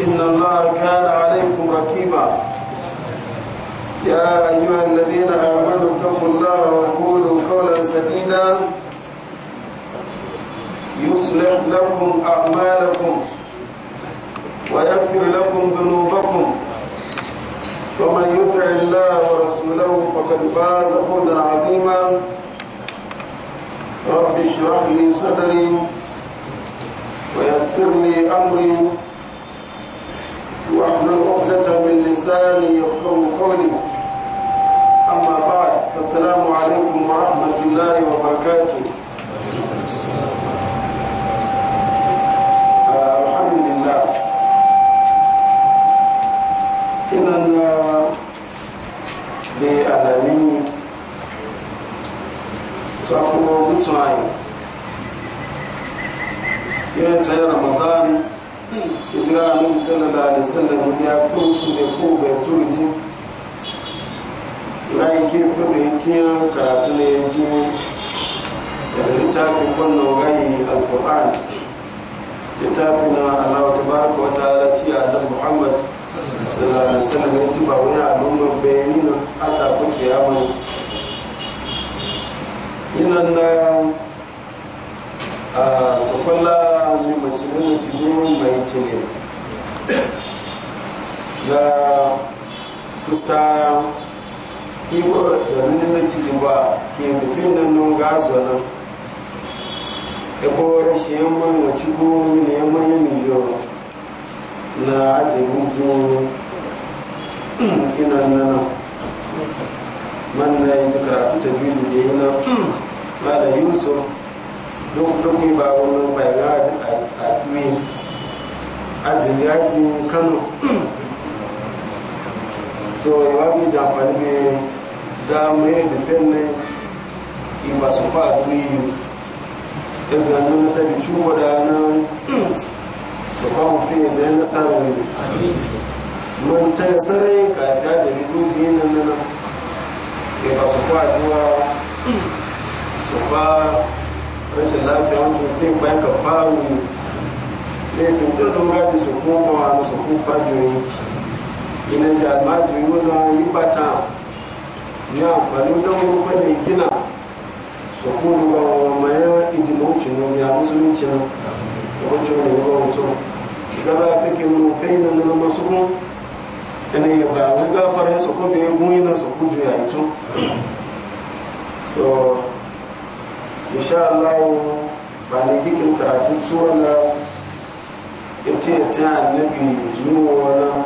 إن الله كان عليكم رقيبا يا أيها الذين آمنوا اتقوا الله وقولوا قولا سديدا يصلح لكم أعمالكم ويغفر لكم ذنوبكم ومن يطع الله ورسوله فقد فاز فوزا عظيما رب اشرح لي صدري ويسر لي أمري واحلل عقدة من لساني يفقه قولي أما بعد فالسلام عليكم ورحمة الله وبركاته الحمد لله إننا بألمين idira annabi sallallahu alaihi wasallam ya kuntu ne ko bai turji rai ke fere tiyan karatu ne ya ji daga littafin kwallon gayi alkur'an littafin na allahu tabaraka wa ta'ala ci a annabi muhammad sallallahu alaihi wasallam ya ba wani sokola ni macini macini mai ne da kusa kiwo da nuna na cikin ba ke mutum nan nun gazo nan ebo rashin yamman wa ciko ne yamman yi mijo na ajiyar jin ina nana man na yi ta karatu ta biyu da yana da yusuf lokacin ba wannan bai ga a min ajiyati kano so yawa bi jamfani bi dame da fenne in ba su ba duri ya zanen na tabi shugo da nan su ba mu fiye zai na sarari mun ta sarai kafin ya jari duji nan nan ya ba su ba duwa su ba rashin lafiya wucin fin bayan ka faru laifin dole gaji su kuma wani su kuma fajiyoyi ina ji almaju yi wani yi bata ni amfani da wani kwanye gina su kuma wa mayan idimocin ya musulunci na wancan da wani wancan gaba fikin rufai na nuna masu kuma ina yi ba wani gafara ya su kuma bai muni na su kuma juya ito so insha Allah ba ne kikin karatun suran na ita ta annabi nuwa wani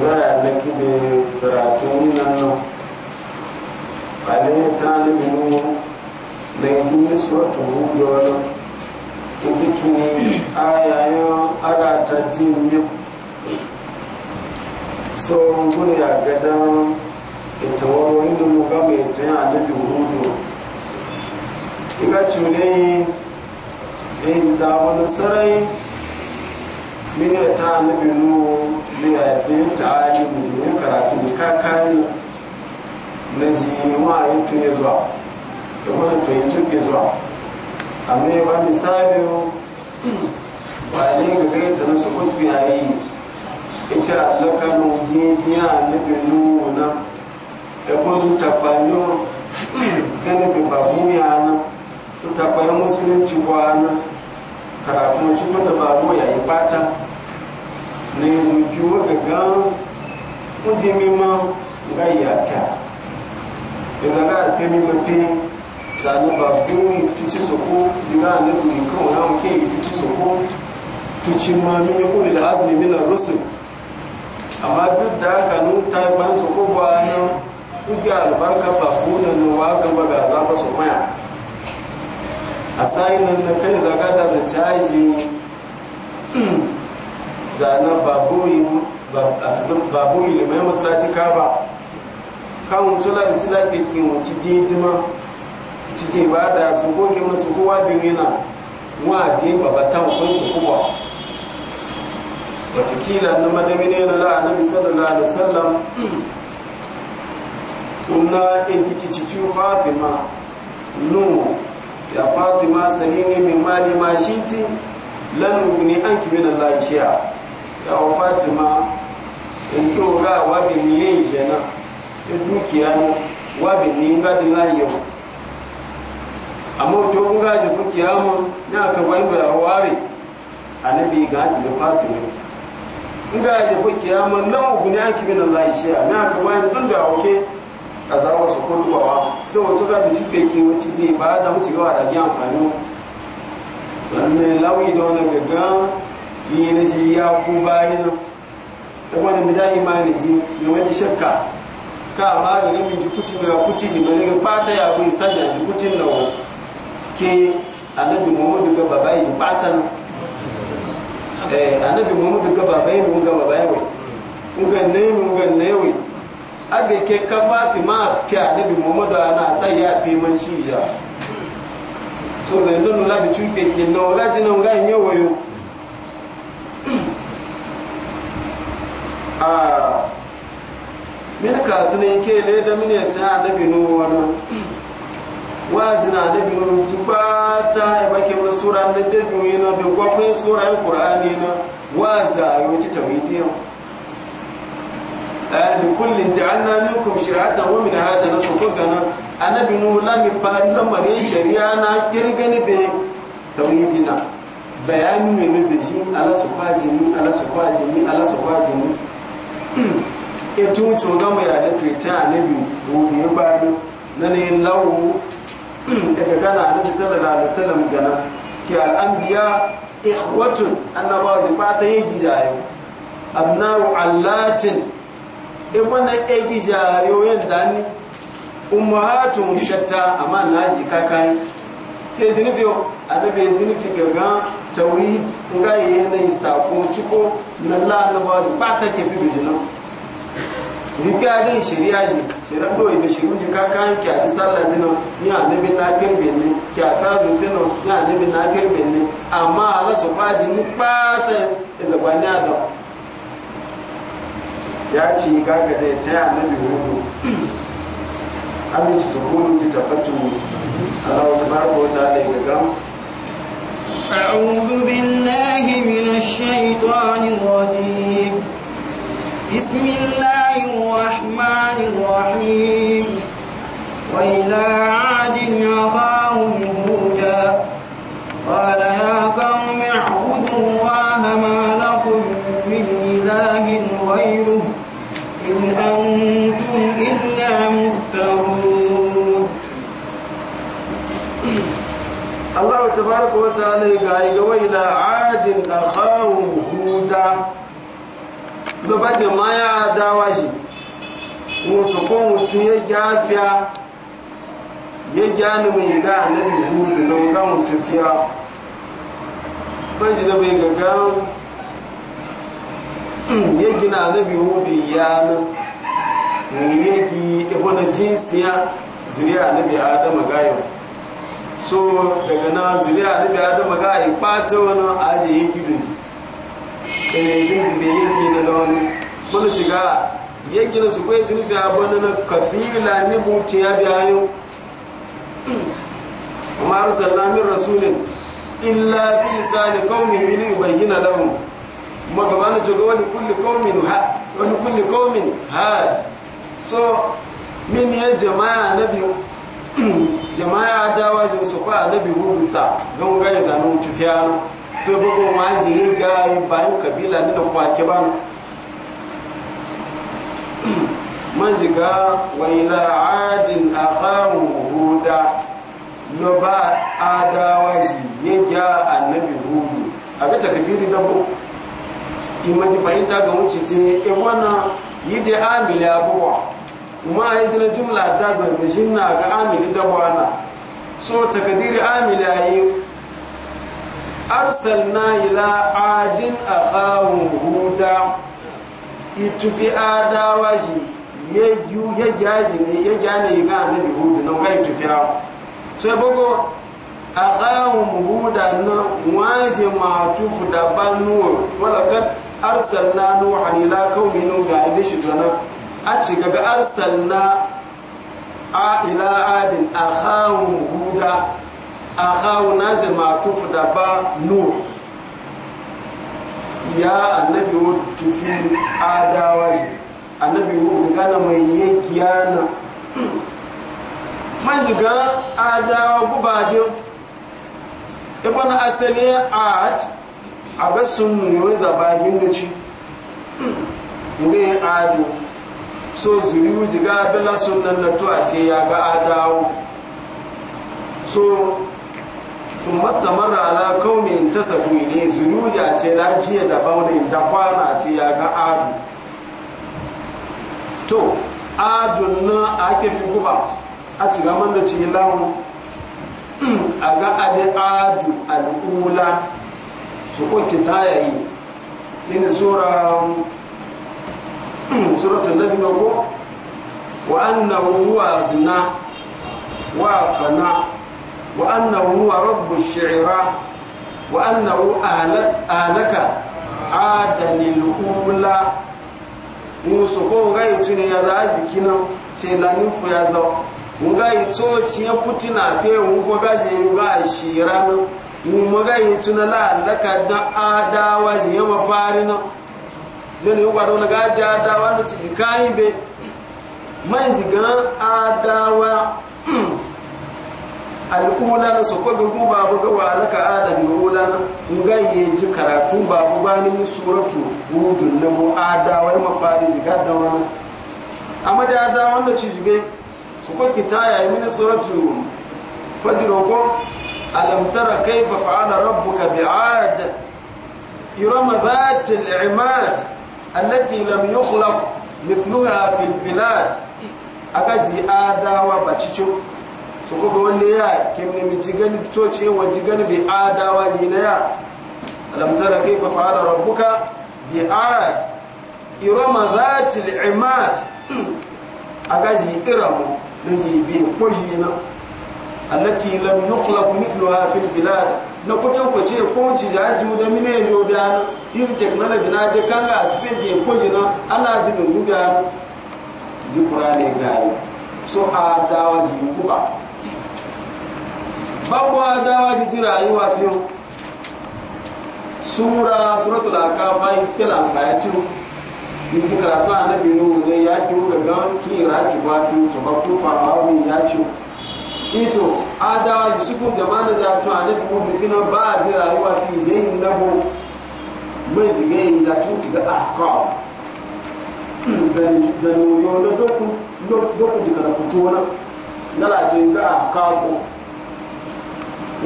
ba ya naki mai karatun nan nan ba ne ya ta annabi nuwa na yi yi suratun hudu wani gikin ayayen ara ta yi so gune ya gadan ita wani wani da mu gama ita yin annabi hudu iga cune in da wani sarai mini ta annabi nuhu biya da ta ali mujin karatu ka kan na ji ma yi tuni zuwa da wani tuni tuni zuwa amma ya ba misali ba ne ga da na su kudu yayi ita alakanu jiya annabi nuhu na ya kudu tabbanu ganin bibabu yana ta bayan musulunci na karatu wacin da baro ya yi fata na yi zuki waga gan kuji mima ga yaka ya zaga a fi mima fi sani ba tuci soko diga na duri kawo na muke yi tuci soko tuci ma mini kuli da azumi mina rusu amma duk da haka nun ta soko ba na kuke albarka ba kuna nuwa gaba ga zama su maya a sayin nan na kai zaga da za caji zanen babu ilimai masalaci ba kawun tula da da ke wuce cikin hidima cikin ba da su goke masu kowa biyu yana wa biyu babata kun su kowa watakila na madami ne na la'anabi sallallahu alaihi wasallam tun na in kici cikin fatima nuhu ya fatima salini min mali ma shiti lan an ki min Allah shiya ya fatima in e to ga wa bi ni yin jana ya dukiya ne wa bi ni ga din la yau amma to mun ga ji fuki yamu na ka bai ba ware annabi ga ji fatima in ga ji fuki lanu lan an ki min Allah shiya na ka bai dun da oke azawa su ko duwawa sai wato da bi tibe ki wuci ji ba da wuci ga da gyan fanu wannan lawi da wani gaga yi ne ji ya ku yi bayin da wannan mi ma imani ji ne wani shakka ka ba da ne mi ji kuti ga kuti ji ne ga fata ya ku saja ji kuti nawo ke annabi Muhammad ga baba yi fatan eh annabi Muhammad ga baba yi mun ga baba yi mun ga ne mun ga ne wai aga ke ka fatima ke annabi muhammadu ana sai ya fi man shi ya so da yanzu nuna bi cuke ke na wala jinan ga yin wayo ah, a min ka tunan ke ne da min ya ta annabi nu wani wazi na bi nu su ba ta ya ke wani sura na dabi wani na da gwakwai sura yin kur'ani na waza yi wuce tawidiyan likullin ja'alna minkum shir'atan wa min hada nasu kogana annabi nuhu lami fa'allan mare shari'a na kirgani be tawhidina bayani ne ne beji ala su kwaji ni ala su kwaji ni ala su kwaji ni e tun tun ga mu ya da tuita annabi gobe ya bani na ne lawo daga gana annabi sallallahu alaihi wasallam gana ki al-anbiya ikhwatun annabawa ba ta yi gijayo abna'u allatin ebona egija yoyen dani ummahatun shatta amma na ji kakan ke dinifi adabe dinifi gaga tawhid nga yene sako ciko na la na ba ba ta ke fi bijina riga dai shari'a ji shari'a do ibe shiru ji kakan ki a sallah jina ni annabi na girbe ne ki a fino ni annabi na girbe ne amma ala su ba ji ni ba ta zabaniya da ya ce gaga da ta yi annabi hudu amince su kudu ki tabbatu Allah ta baraka wata da ga gam أعوذ بالله من الشيطان الرجيم بسم الله الرحمن الرحيم وإلى عاد أخاهم هودا قال يا قوم اعبدوا الله ما لكم من إله غيره إن أنتم إلا مفترون الله تبارك وتعالى قال وإلى عاد أخاهم هودا lọ́bàjẹ́ máa yá dáwáṣì wọn sọ kọ́ wọn tún yẹ jẹ́ àfíà yẹ jẹ́ ànàmì yẹ gáà ya gina annabi hudu ya na wuyegi ibana jinsiya zuriya anabi adama gayo so daga na zuriya annabi adama gayo pato wani aje ya gidu ne ɗaya jinsi bai yi na da wani mana ci ga ya gina su kwaya jirfi abana na kabila ni buti ya biya yau amma arsalna min rasulin illa bi lisani qaumihi li yubayyana lahum kuma gaba na jogo wani kulli komin ha wani kulli komin ha so min ya jama'a na biyu jama'a dawa jin su kwa na biyu rubuta don da ya zanu tufiyano so bugo ma yi zai ga bayan kabila ni da kuma ke ba man ziga wa ila adin akhahu huda no ba adawa ji ya ga annabi hudu a ga takdiri da imaji fahimta ga wuce te e wana yi de amili abuwa ma yi jina jumla da zanga shi na ga amili da wana so takadiri amili a yi la ila adin a kawun huda itufi adawa shi ya ya gyaji ne ya gyane yi ga annabi hudu na ga itufi awa so ya bugo a kawun huda na waje ma tufu da banuwa wala kan arsalna nuhan ila qaumi nuh ga ile shi dona a ci gaga arsalna a ila adin akhahu huda akhahu tufu da ba nuh ya annabi wo tufi adawa shi annabi wo gana mai yankiyana man shiga adawa gubajin ibn asali at a ga sunnu yawai zabagin da ci ne ado so zuri wuji ga bela nan na tuwa ce ya ga adawo so sun mara ala kaumin ta sabu ne zuri wuji a ce na jiya da baunin da kwana ce ya ga ado to ado na ake fi guba a cigaman da ci lawon a ga ade adu al'ula su kwanke ta yayi ne sura suratun da zuwa ko wa'anna ruwa na wa'akana wa'anna ruwa rabu shi'ira wa'anna ruwa alaka adalil ula musu ko gai tuni ya za a ziki nan ce lanufu ya zau ngai tsoci ya kuti na fiye wufo gaji ya yi ga a shi ranar mumaga yi tuna la'allaka da adawa zai yama fari na lónìí ó gbàdọ́ nàgá jẹ́ adáwa ló ti be. ibè mẹ́yìnsì gan adáwa al'ula na sokwa gugu babu ga wa alaka ada ya ula na nga yi ji karatu babu bani ni suratu hudun na mu adawa ya mafari ziga da wani amma da adawa wanda be. jibe sokwa kitaya ya mini suratu fajiro ko ألم ترى كيف فعل ربك بعاد إرم ذات العماد التي لم يخلق مثلها في البلاد أكذي آدا وبتشو سوكو لي يا كم نمجيغن بتوشي وجيغن بآدا وزينيا ألم ترى كيف فعل ربك بعاد إرم ذات العماد أكذي إرم نزي بين قجينا التي لم يخلق مثلها في البلاد na kutan ko ce ko ci da ju da mine yo da yin na da kan ga tafe ke ko ji na Allah ji da ruga ji Qur'ani ga yi so a dawa ji ku ba ba ko a dawa jira yi wa fiyo sura suratul akafa kila ba ya tiro in ji karatu annabi ne ya ji ga gan ki raki ba tu to ba ku fa ba ya ci ito adawa yusufu zamana da to anabi mu fina ba ji rayuwa ti je yin nabo mai zige yi da tu tiga akaf dan dan yo na ne doku tiga da kutuwa na la je ga akaf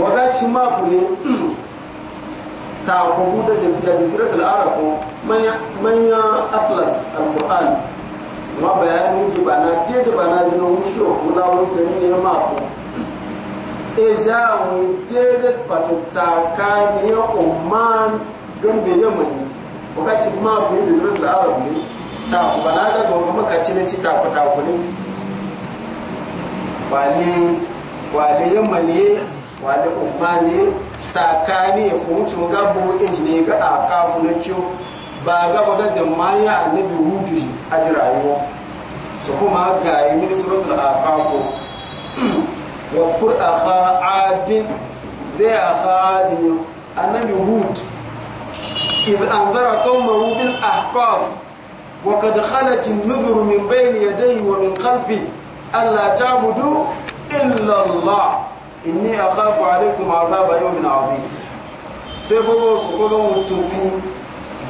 waga ci ma ku ne ta ko da da jaziratul arab manya manya atlas alquran ma bayani ki bana ke da bana jino musho kula wuri da ne ma ko e ja mu te da patuta ka ne umman gan da yamani wakati ma ku da zuwa da arabi ta ku bana da go kuma ka ci ne ci taku ku ta ku ne wale wale yamani wale umman ne tsakani ya fumu tun gabo injini ga aka funa ciwo ba ga baga jama'a ya annabi hutu shi a ji rayuwa su kuma ga yi mini suratul afafu wa fukur a fa'adin zai a fa'adin yau annabi hut idan an zara kan marubin ahqaf wa kad khalat an-nuzur min bayni yadayhi wa min khalfi alla ta'budu illa allah inni akhafu alaykum adhab yawmin 'azim sai bobo su ko don mutum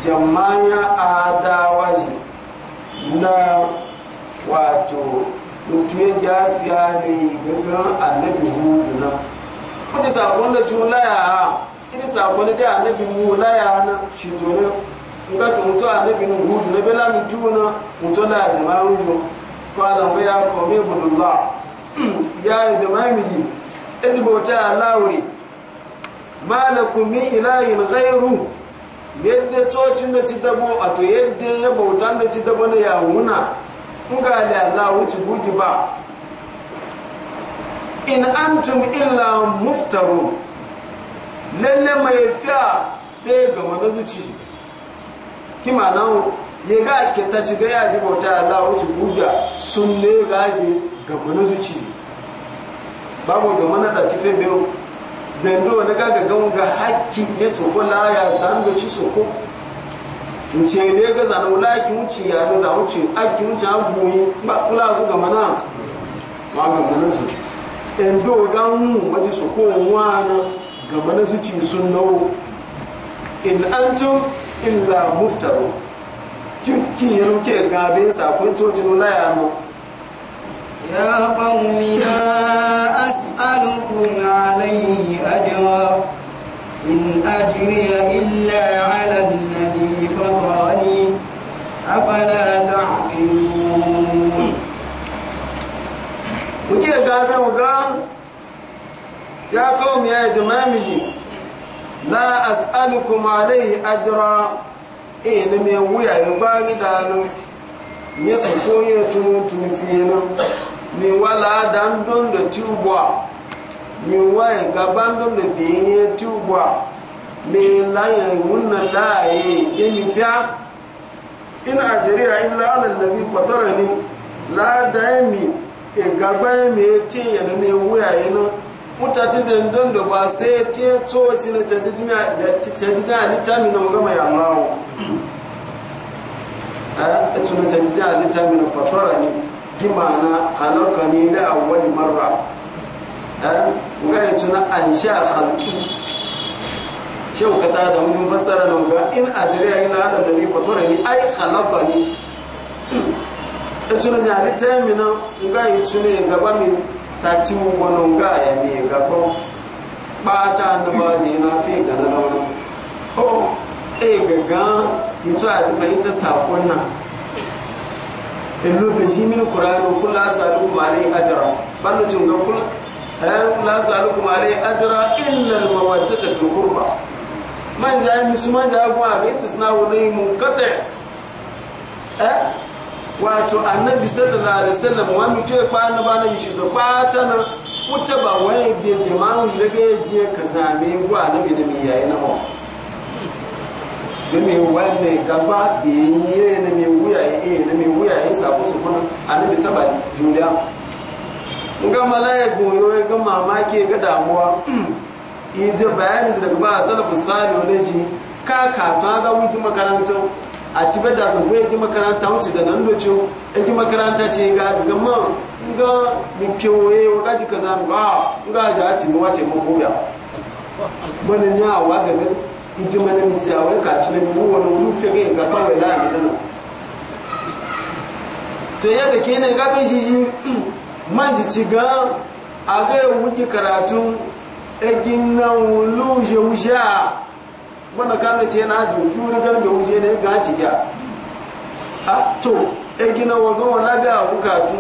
jamanya adawaji na wato mutu ya jafiya ne gangan annabi hudu na wani sakon da jula ya ini sakon da annabi mula ya na shi zuwa nga tuntu annabi nu hudu na bela mituna mutola ya jama'a hudu ya komi budullah ya yi yadda cocin da ci dabo a to yadda ya bauta da ci dabo na yawuna in ga da Allah wuce gugi ba in antum illa muftaru lalle mai fiya sai ga manazuci kima na ya ga ke ta ci ga yaji bauta Allah wuce guga sun ne gaje ga manazuci babu da manada ci fe biyu zendo na ga gagan ga hakkin ne so ko la ya san da ci so ko nce ne ga zan wala ki wuci ya ne za wuci akki wuci an buyi ba kula su ga mana ma ga mana su endo ga mu waje so ko wana ga mana su ci sun nawo in antum illa muftaru kiki yaro ke gabe sa ko to no la ya mu ya qaumi ya أسألكم عليه أجرا إن أجري إلا على الذي فطرني أفلا تعقلون muke gabe ga ya kawo ya yi jimamiji la as'alukum alaihi ajra eh ne me wuya ya ba ni da nan ya ya tuno tuni fiye nan mi wala dan don da tubuwa e mi waye gaban don da biye tubuwa mi laye munna laye in fiya in ajriya illa ala alladhi fatarani la daimi e gaba e mi e tiye da mi wuya yana mutati zan don da ba sai tiye tsoci na tajijja ni tamina gama ya Allah eh tsuna ta ni tamina fatarani bi ma'ana halauka ne na awwali marra ga ya tuna an sha halki shi ka ta da mun fassara nan ga in ajriya ila hada da ni fatura ni ai halauka ni ta tuna ya ni ta mi nan ga ya tuna ya gaba mi ta ci wani ga ya ni mi gaba ba ta annaba na, fi ga na Ho! lawan oh eh gaga ito a fahimta sakon nan in lokaci min kuranu kula salukum alai ajara banda cin ga kula ayan eh, la salukum ne ajara illa al ta fi kurba man za yi musu man za kuma a ga istisna wani kata eh wato annabi sallallahu alaihi wasallam wa mu ce kwa na bana shi ga kwata na kuta ba wani bi jama'u daga je ka same ku annabi da mi na ba don mai gaba da ne yi na mai wuya ya iya na mai wuya ya sabu su kuna a nabi taba juliya in ga malaya goyo ya ga mamaki ga damuwa idan bayani daga ba a salafin sami ne shi ka kato ga wiki makarantar a ci bai da zagoye gi makaranta wuce da nan doce ciwo a makaranta ce ga daga ma ga mi kewaye wa gaji kaza ga ga ji a ci mi wace magoya wani ya wa ga gani iti mana mi ti awai ka tuna wani wulu fege ga ba wai la mi dana to ya da kene ga be jiji man ji ci ga a ga wuki karatu egin na wulu je wuja wanda ka ne ce na ju fiuri gar be wuje ne ga ci ga a to egin na wago wala be a wukatu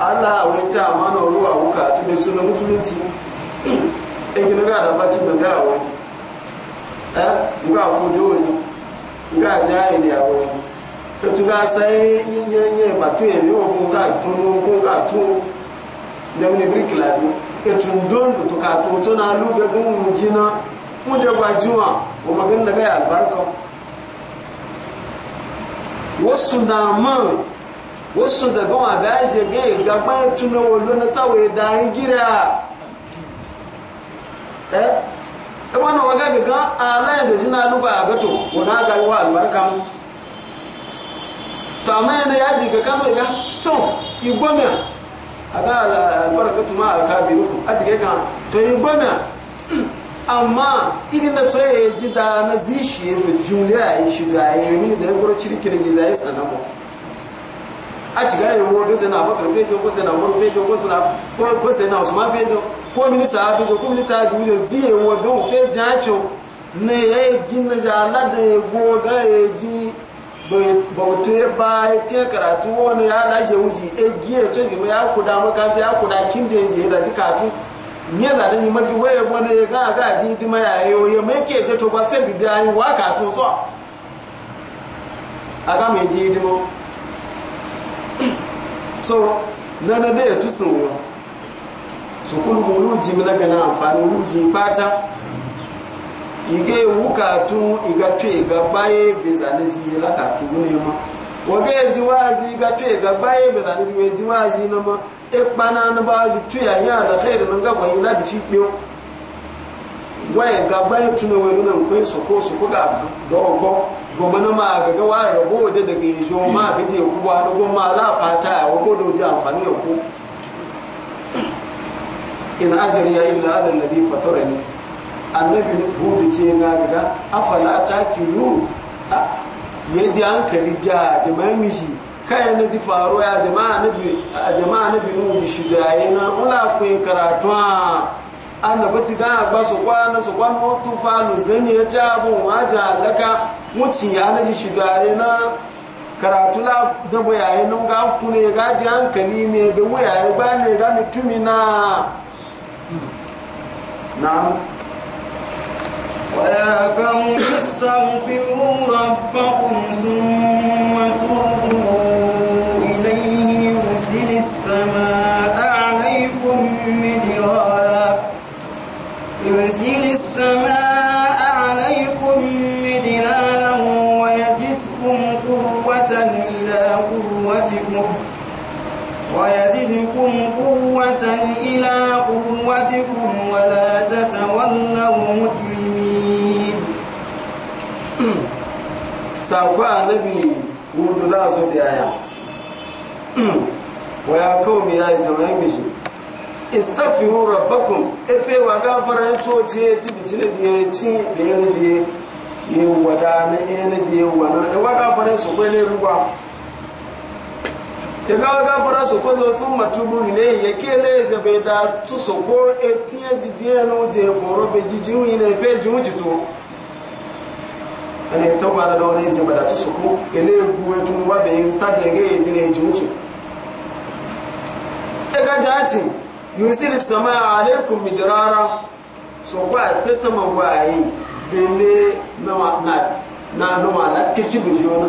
Allah wai ta mana ruwa wukatu da sunan musulunci egin ga da ba ci ga wai nga fudu oyi nga jahili awo etu ga sai e nyenye batu ele ogun ga tunu ko ga tu e dem ni brick life etu ndondo to ka to to na lube gun jina mu je gbajuwa o magan daga ya albarka wasu na man wasu daga wa e da je ga gaba tunawo lo na sawe da gira eh kama na waga gaga alaya da jina luba a gato wana ga wa albarka mu to amma yana yaji ga kama ga to igbomiya a ga albarka tuma alkabirukum a cikin ga to igbomiya amma irin na tsoye ji da na zishi da juliya ya shi da ya yi mini zai gwara cirki da ji zai sanamu a yi wo ga sai na bakar ko sai na wani ko sai na usman fejo ko mini sahabi ko mini tabi ne ziye wa ga mu fe jacho ne e ya gina jala da ya goga ya ji bauta ba ya tiya karatu wani ya lashe wuji e giye to ji ya kuda makanta ya kuda kin da je da ka katu nye da ni mafi waye wani ya ga ga ji dima ya yo e ya mai ke ga to ba fe bi da yi wa ka to so aga me ji dimo so nana de ya tusun wa su kulmu ruji mina gana amfani ruji fata ige wukatu iga tue ga baye be zane zi la ka tu ne ma wage ji wazi ga tue ga baye be zane zi ji wazi na ma e pana na ba ju tue ya ya da khair nan ga kwai la bi ci biyo waye ga baye tu ne we nan kwai su ko su ko ga dogo goma na ma ga ga wa rabo da daga yi zo ma bi de ku ba na goma la fata wa ko do ji amfani ya ku in ajariya illa ala alladhi fatarani annabi hudu ce na daga afala takilu yadda hankali da jama'a mishi kai na ji ya jama'a nabi a jama'a nabi nu ya yi na ula ku karatu annaba ci a ba su kwana su kwana wato falu ya ta abu ma ja laka muci ya na ya yi na karatu la da boyaye ga ku ga ji hankali me ga ya ba ne ga mutumi na نعم ويا قوم استغفروا ربكم ثم توبوا إليه يرسل السماء عليكم مدرارا يرسل السماء عليكم مدرارا ويزدكم قوة إلى قوتكم ويزدكم قوة إلى قوتكم ولا تتولوا مجرمين ساقوا النبي هود لا سودي آية ويا قوم يا جماعة مشي استغفروا ربكم اف وغفر يتوتي تبتني يتي بينجي يودان ينجي ودان وغفر سبحانه ربكم kega gafara sokozo summa tubu ilayhi yakeleze beda tusoko etie jidieno je foro be jidiu ile fe jujito ane toba da dole je bada tusoko ele guwe tunu wa be sadege jine juju ega jati yursil samaa alaykum midrara soko a na na na no na kichi bujona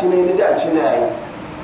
chine ele dira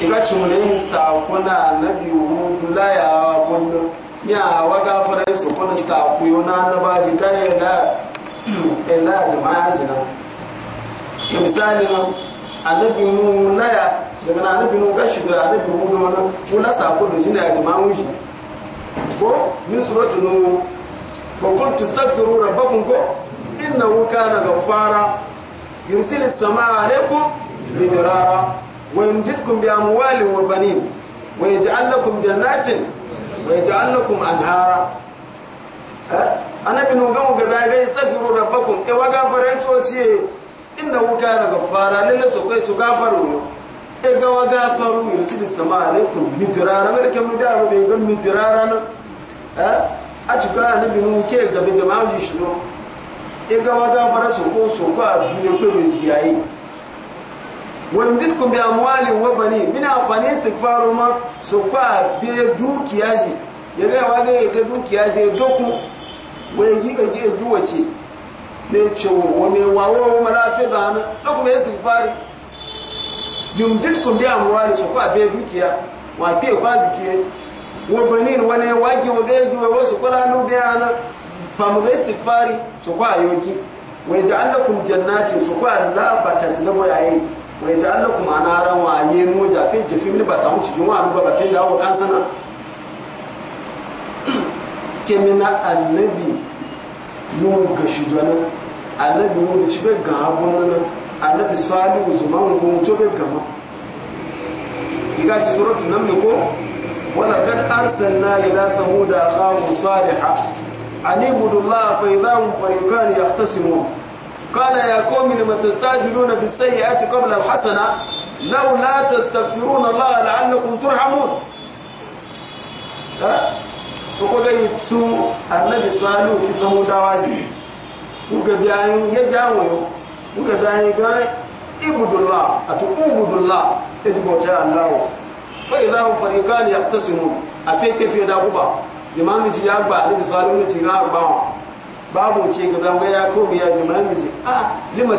iga cimulayin sakuna annabi hudu la kundu wannan ya waga fara su kuna saku yana na ba ji ta yi na ila jama'a shi nan ke misali nan annabi nu la ya zama na annabi nu gashi da annabi hudu wani kuna saku da jina ya jama'a wushi ko min suratu nu fa qultu astaghfiru rabbakum ko innahu kana ghaffara yursilis sama alaykum bidirara ويمددكم بأموال وبنين ويجعل لكم جنات ويجعل لكم أنهارا أنا بن وقام قبائل يستغفروا ربكم إيه وقافر يتوتي إنه كان غفارا لله سوكي تغفروا إيه وقافروا يرسل السماء عليكم مترارا ملك من دارو بيقول مترارا أتوقع أنا بن وقام قبائل جماعة يشنو إيه وقافر سوكو سوكو عبدين يقولوا جيائي ويمددكم بأموال وبنين من أفن استغفار ما سوكوا بيدوك ياجي يرى واجه يدوك ياجي دوكو ويجي يجي يجوتي نيتشو ومن واو وما لا في بانا لكم استغفار يمددكم بأموال سوكوا بيدوك يا وابي كوازكي وبنين وانا واجي وجي وسوكوا لا نوبيانا فمغ استغفار سوكوا يوجي ويجعل لكم جنات سوكوا لا بتجلبوا يعين wa yaj'al lakum anara wa yenu ja fi jafin ni bata mu cikin wa ba ta yawo kan sana kemina annabi nu ga shujana annabi mu ci be ga abun nan annabi salihu zuman mu to be gama iga ci suratu nan ne ko wala an قال يا قوم لم تستعجلون بالسيئات قبل الحسنة لولا تستغفرون الله لعلكم ترحمون soko ga yitu annabi salu fi samu dawazi kuga bayan ya jawo kuga bayan ga ibudullah atu ibudullah yaji bauta Allah fa idha hum fariqan yaqtasimun afi kafi da guba imam ji ya gba annabi salu ne ci ga babu ce gaban ga ya kawo ya ji mana ce a lima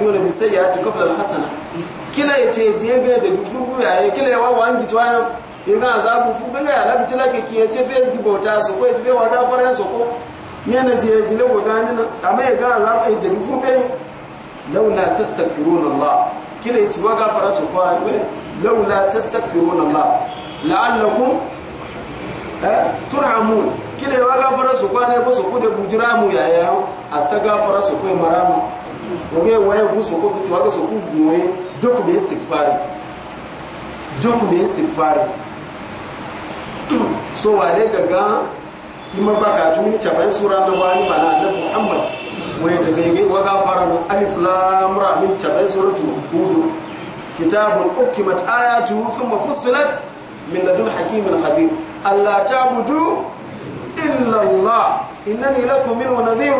nuna na sai ya ta da hasana kila ya ce je ga da dufu ya ya kila ya wawa an gitwa ya in a azabu fu ga ya labi tila ke kiya ce fe ji bauta su ko fe wa da faran su ko ne na ya ji lawo ga ni amma ya ga azabu ya da dufu be laula tastaghfiruna allah kila ya ci wa gafara su ko ai laula tastaghfiruna allah la'allakum Eh? turhamun kile wa gafara su kwa ne su kude bujiramu ya ya sa gafara su kwa maramu oge waye gu su kwa kutu waga su ku guwe duk da istighfar duk da istighfar so wa wale daga ima baka ni chabai sura da wani bana na muhammad waye da bege wa gafara no alif lam ra min chabai tu hud kitabun ukimat ayatu thumma fussilat min ladun hakimin khabir ألا تعبدوا إلا الله إنني لكم منه نذير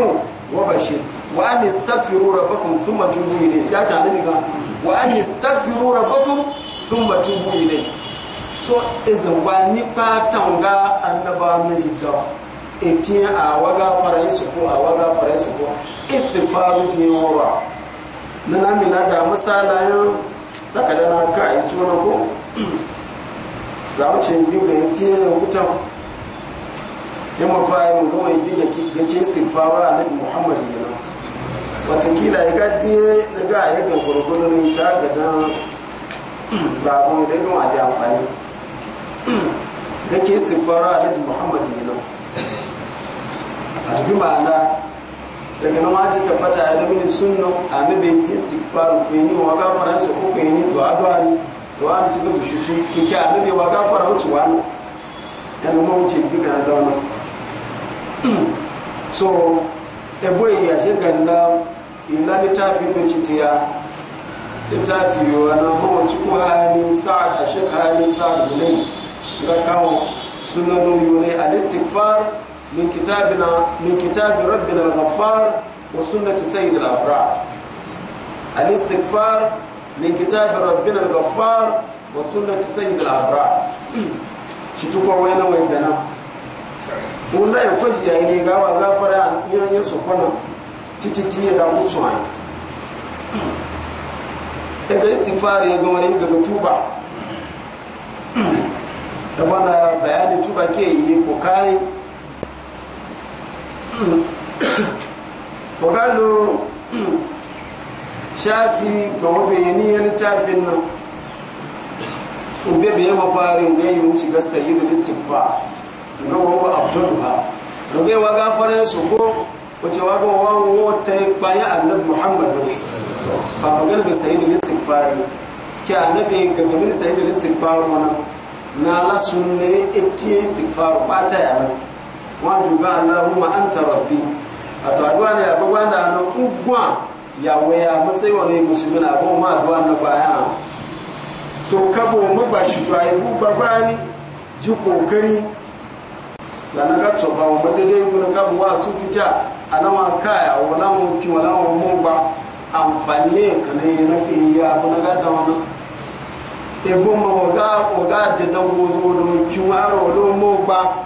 وبشير وأن استغفروا ربكم ثم توبوا إليه يا تعلمي وأن استغفروا ربكم ثم توبوا إليه so izin ba ni fatan ga annaba miji da itin a waga ko a waga ko istighfaru ti nan amina da misalayen takadana yi ko za mu ce biyu ga yanti ya wuta ya mafa ya mun gama biyu ga fara istighfara annabi muhammad ya nan watakila ya gadi na ga ya ga gurgudu ne ta ga dan ba mu da don aje amfani ga fara istighfara annabi muhammad ya nan a tafi ma'ana daga nan ma tabbata ya da suna sunnan annabi ke istighfara fa ni wa gafara su ko fa ni zuwa adwani wa an ci gazu shi ki ki annabi wa gafara wuce wa dan mu wuce diga na dawo so e boy ya she ganna illa ni tafi ne citiya ni tafi wa na mu ci ko hali sa'ad a shek hali sa'ad ne ga kawo sunanu a al far. min kitabina min kitabi rabbina al-ghaffar wa sunnati sayyidil abrar al-istighfar min kitabi rabbina al-ghaffar wa sunnati sayyid al-abrar shi tukwa wani wani gana wanda ya kwashi ya ne gawa gafara yana yin su kwana tititi ya damu su hanyar daga istighfari ya gama daga tuba da bana bayanin tuba ke yi ko kai ko galo shafi ga wabe ni ya littafin nan ube bai mafarin ga yi wuce ga sayi da fa ga wawa abdulluha da ga wa gafarin su ko wace wa ga wawa wata ya baya annabi muhammad ne ba ga galibin sayi da listikfa ke annabi ga gabin sayi da listikfa wani na lasun ne etiye istikfa ba ta yana wajen ga allahumma an tarafi a to aduwa ne a gwagwa da na ugwa yawo ya matsayi wani musulmi na ba ma duwa na baya so kabo mu ba shi to ai bu ba ba ni ji kokari da na ga to ba mu ba dai mu na kabo wa tu fita alama kaya wala mu ki wala mu mun ba amfani kana yana iya bu na ga da wani ebo mo ga o ga de dan wo zo ki wa ro lo mo ba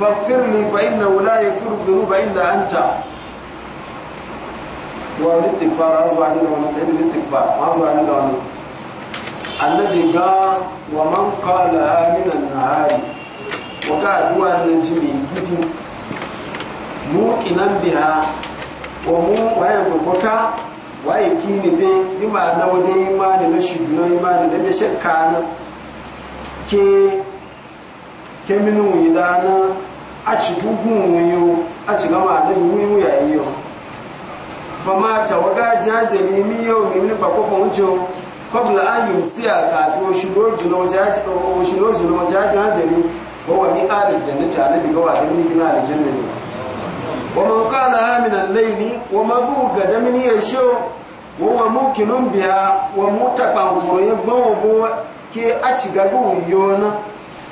فاغفرني فإنه لا يغفر الذنوب إلا أنت والاستغفار أزوى عندنا ونسعيد الاستغفار أزوى عندنا ونسعيد النبي قال ومن قال من النهار وقال هو النجمي جدي موقنا بها ومو ويبقى waye kini dai bima na wani imani na shiduna imani na da shakka na ke kemini wuyi dana a ci dugun wuyo a ci gama da wuyu ya yi fama ta waga jaje ne mi yau mi ni ba kofin wucin o an yi o shigo jino jaje ne ko wa mi jannata na biga wa da mini gina da janna wa man kana haminan laili wa mini ya wa wa mukinun wa ya ke a yona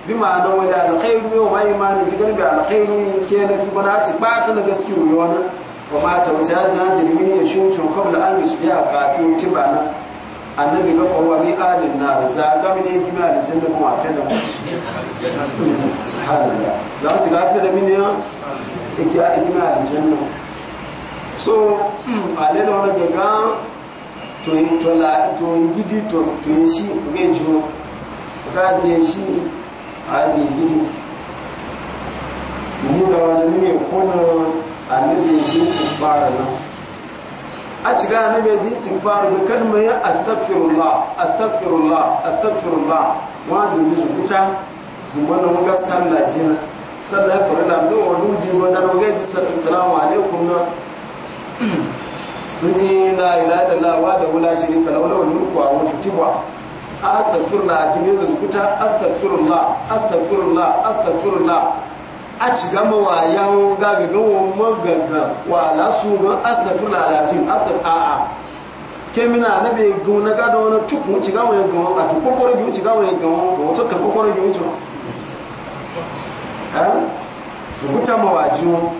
bima na wani alkhairu yau ma imani ji garbi alkhairu ke na fi bana ci bata na gaske wuyo wani ma ta wuce hajjina jirgin ya shi wucin kwamla an yi su biya kafin ci bana annabi ga faruwa bi adin na da zaga mini ya gima da jinda kuma a fena subhanallah za mu ci gafe da mini ya gima da jinda so ale da wani gaga to yi gidi to yi shi ga jiyo ga jiye shi aji gitu mu da wani ne ko na annabi ya ji istighfar nan a cika annabi ya ji istighfar da kalmar ya astaghfirullah astaghfirullah astaghfirullah ma ji ni zukuta zuma na muga sallah jina sallah farila da wani ji zo da muga ji salamu alaikum na Mun Nuji la ilaha illallah wa da wala shirika lahu lahu mulku wa huwa astaghfirullah a kimin zukuta astaghfirullah astaghfirullah astaghfirullah a ci gama wa yawon gagaga wa magaga wa lasu ga da astaghfirullah alazim a kemina na bai gona gada wani cuk wuce gama yin gama a cikin kwarar gi mu gama yin gama to wato kan kwarar gi mu ci eh mawaju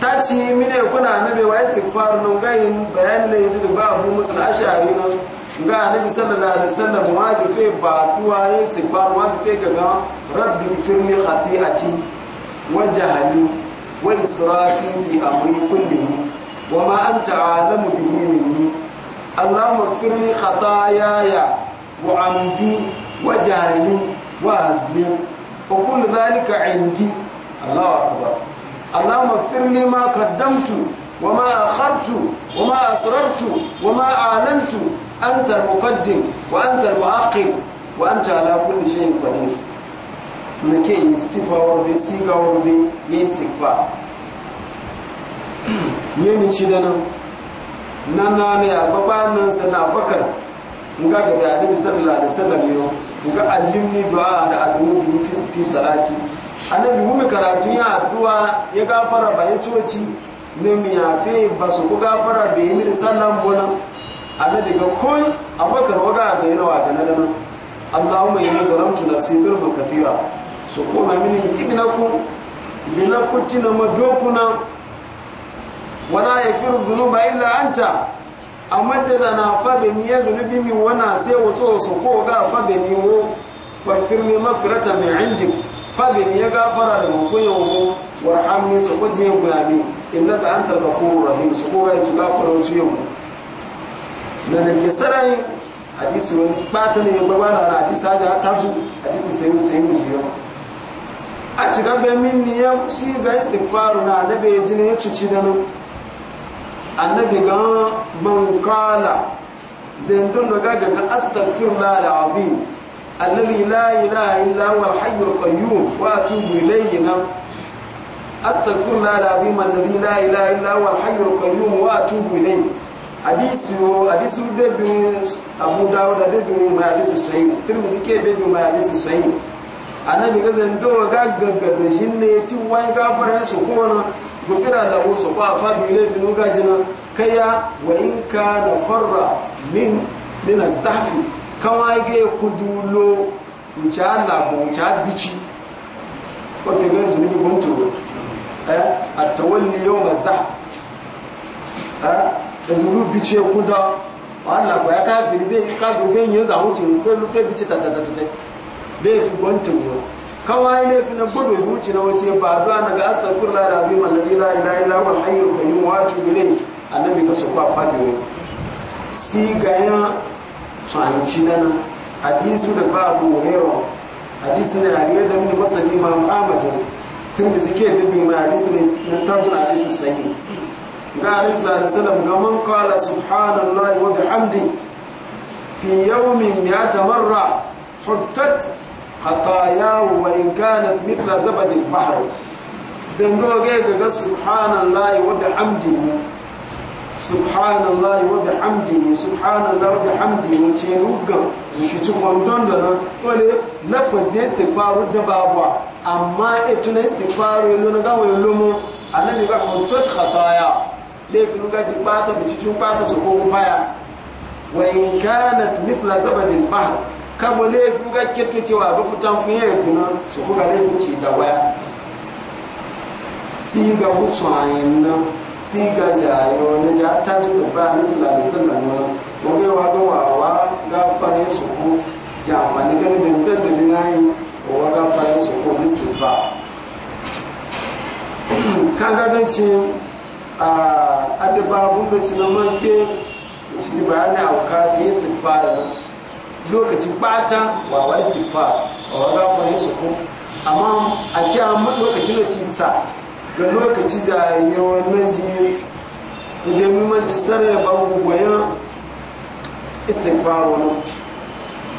ta ci mine kuna na bai wa istighfar nan gayin bayanin da yadda ba a abu musul ashari nan ga annabi sallallahu alaihi wasallam wa ji fe ba tuwa ya istighfar wa ji fe ga rabbi firni khati'ati wa jahali wa israfi fi amri kullihi wa ma anta alamu bihi minni allahumma firni ya wa amdi wa jahali wa hazli wa kullu dhalika indi allahu akbar allahumma firni ma qaddamtu وما أخرت وما أسررت وما أعلنت أنت المقدم وأنت المؤخر وأنت على كل شيء قدير نكي صفة وربي سيقة وربي يستكفاء yini ci da nan nan na ne a babanan sana bakar nga ga da annabi sallallahu alaihi wasallam yo nga allimni du'a da addu'i fi fi salati annabi mu karatu ya addu'a ya gafara ba ya coci na mu ya fe ba su ku gafara be mi sallan bonan annabi ga kun abakar waga da yana wa da nan Allahumma inni zalamtu nafsi zulman kathira so ko ma min tibnakum linakutina madokuna wala yaghfiru dhunuba illa anta amma da zana fa be mi ya zunubi mi wana sai wato so ko ga fa be mi wo farfir ni mafirata min indik fa be mi ya gafara da mu ko yawo warhamni so ko je ka ya mi innaka antal ghafurur rahim so ko ga ya gafara wato yawo na da ke sarai hadisi wani bata ne yabba ba na hadisi haja ta zu hadisi sayi sayi mu jiyo a ci gaba min ni ya shi za faru na annabi ya jini ya cuci da nan annabi ga man kala zendon da gaga ga astaghfirullah alazim alladhi la ilaha illa huwa alhayyul qayyum wa atubu ilayhi astaghfirullah alazim alladhi la ilaha illa huwa alhayyul qayyum wa atubu ilayhi hadisu wo hadisi de bin abu dawud de bin mai hadisi sahih tirmidhi ke be bin mai hadisi sahih annabi ga zan do ga gaggado shinne tin wai gafara su ko na gufira da su ko afa bi le tinu ga jina kaya wa in ka da farra min min az kama kawai ga kudulo mcha Allah ko mcha bici ko te ga zuni bi gunto eh at-tawalli yawm az-zahf eh zuru bice kuda wala kwa yaka virive kavu venye za uti kwelu fe be su befu bontu kawai ne fi na gudu zuci na wace ba duwa na ga astaghfirullah alazim alladhi la ilaha illa huwa alhayyul qayyum wa atubu ilayhi annabi ka so ba fadi wo si ga ya tsayin shi dana hadisu da babu hero hadisi ne ariyo da mun masalima Muhammadu tun da zike da bi ma hadisi ne nan tajin hadisi sahih ga alaihi salam ga man qala subhanallahi wa bihamdi fi yawmin mi'ata marra huttat khatayahu wa in kanat mithla zabadil bahr zando ga ga subhanallahi wa bihamdihi subhanallahi wa bihamdihi subhanallahi wa bihamdihi wace rugan shi ci fondon da nan wale lafazin istighfaru da babuwa amma ita na istighfaru yalo na gawa yalo mu annabi ga hutat khataya laifin gaji bata bicicin bata su ko baya wa in kanat mithla zabadil bahr kabo laifin ga keto kewa ga futan fun yayi tuna su ko ga laifin ci da waya si ga hutsayin na si ga jayo na ja ta ji da ba misla da sallan na ko ga wa ga wawa ga fare su ko ja amfani ga ne da da dinayi ko ga fare su ko istighfar kan ga gancin adababun da cinan man ke shi di bayani a wakati ya istighfara nan lokacin bata wa wa istighfar wa wa gafara ya suku amma a ki amma lokacin da ci tsa ga lokaci da yawan naji idan muhimmanci sarai ya babu goyon istighfar wani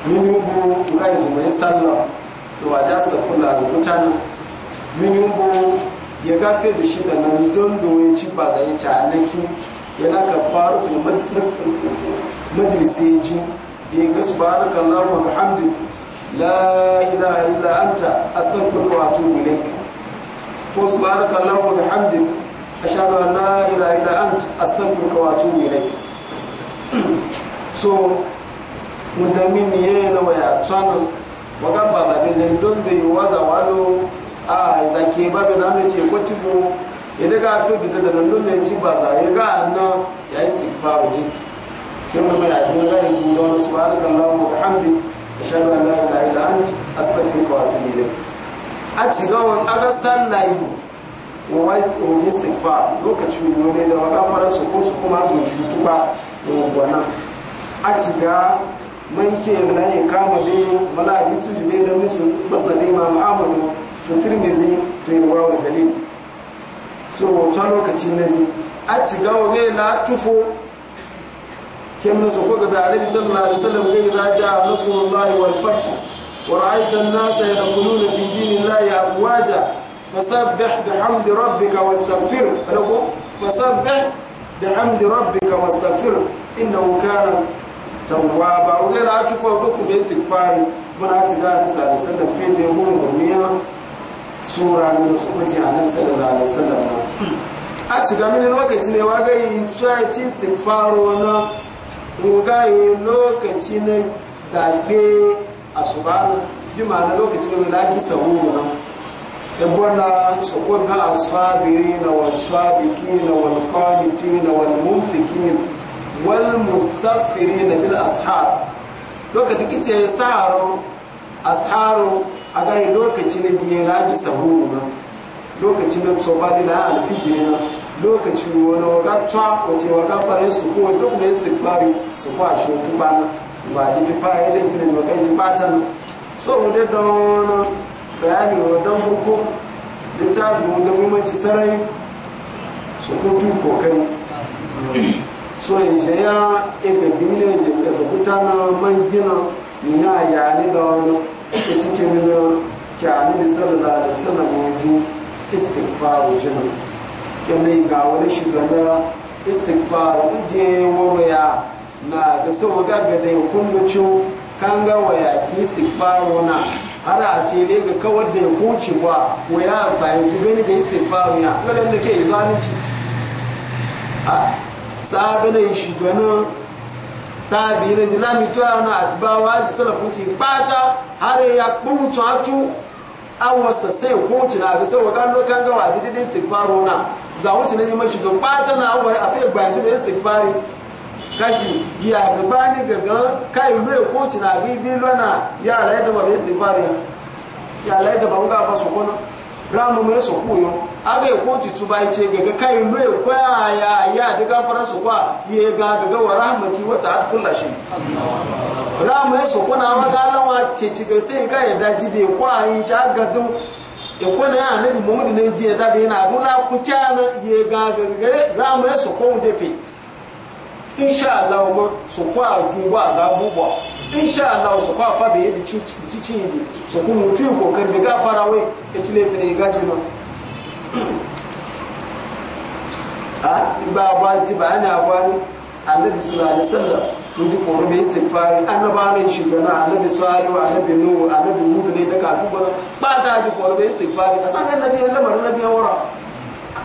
min yubu ga yanzu mai sallah da wajen astaghfirullah da mutanen min yubu ya gafe da shi da nan don doye ci ba zai ci a naki yana ka faru tun majalisi ji bi ba subhanaka allahumma wa bihamdik la ilaha illa anta astaghfiruka wa atubu ilaik ko su ba da allahumma wa bihamdik ashhadu an la ilaha illa anta astaghfiruka wa atubu ilaik so mutamin ne na waya channel waga ba da zai don da yi waza walo a zake ba bai nan da ce ko tibo ya daga fi fita da nan da ci ba za ya ga nan ya yi sifa waje kin da mai ajin ga yi da wani subhanaka allahumma wa da ashhadu an la ilaha illa anta astaghfiruka wa atubu dai a ci ga wani aga sallayi wa waist wa sifa lokaci wani da magafarar su ko su kuma ajin shutu da gwana a ci ga man ke na ya kama ne mala hadisi ne da musu masnadin imam ahmad to tirmizi to yi wawo da dalil so wata lokaci na zi a ci gawo zai na tufo kem na suko ga dare bisan na da salam zai na ja a nasu wallahi wal fati wa ra'aitan nasa ya dakulu na fidini layi a fuwaja fasabbah da hamdi ka wa stafir rago fasabbah da hamdi ka wa stafir ina wukana tawaba wani na tufo duk da istighfari muna ci gawo bisan na salam fiye da yawon gurmiya sura na da su kwaje a nan sallallahu alaihi wasallam a ci ga mini lokaci ne wa gai tsaye ti istighfaro na rugaye lokaci ne dagbe a subhana bi na lokaci ne la ki sahu na yabona su ko ga na wal na wal qanitin wal munfiqin wal mustaghfirin bil ashab lokaci kice saharo asharo a ga lokaci na jiye rabi sahuru na lokaci na tsoba da na alfijiri na lokaci wani waga tsa wace waga fara su kuwa duk da istighfari su kuwa shi wata bana ba da bi fara yadda fi da waga ji batan so mu da don bayani wa don farko jimu da muhimmanci sarai su kutu kokari so ya je ya ga dimine ya ga na man gina ni na ya ni da wani ke cike mina ke annabi sallallahu da wasallam wajen istighfaru jinin ke mai ga wani shugaba istighfaru je waya na ga sau ga ga da kullucu kan ga waya istighfaru na har a ce ne ga kawar da ya kuce ba waya bayan ju gani da istighfaru ya da ke zalunci a sahabi ne shugaba táàbì ní ìsìlámi tó àwọn àtibáwá ti sẹ́lẹ̀fún ti pátá hàrí akpóhùtù àtú àwọn sàṣẹ́ ìkóhùtù náà àgbẹ̀sẹ̀ wọ̀ká lókàngàwà àdídídé stikfaru náà zàwùtù ní ìmọ̀ ṣùgbọ́n pátá náà àwọn àfẹ́ ìgbàjú ní stikfari kashi ya gaba ni gaga kai lo ya náà àgbẹ̀bí lọ́nà yà àlàyé dàbà ní stikfari yà àlàyé dàbà ń gà na sọ̀kọ́nà aga ko ci tuba ce gaga kai lo ya koya ya ya daga fara su kwa ya ga daga wa rahmati wa sa'at kullu shi rahmai su kuna wa ga lawa ce ci ga sai ga ya daji be kwa yi ta ga du ya ko na annabi muhammad ne ji ya da be na bula ku na ya ga gaga rahmai su ko de fe insha Allah mo su kwa ji wa za bubo insha Allah su kwa fa be bi ci ci ji su ku mutu ko kan daga fara we itile e fe ne ga jina a ba ba ti ba ana ba ne annabi sallallahu alaihi wasallam mun ji foro bai istighfari annaba ne shugaba annabi salihu annabi nuhu annabi hudu ne daga tuba ba ta ji foro bai istighfari a san annabi lamarin na jiya wara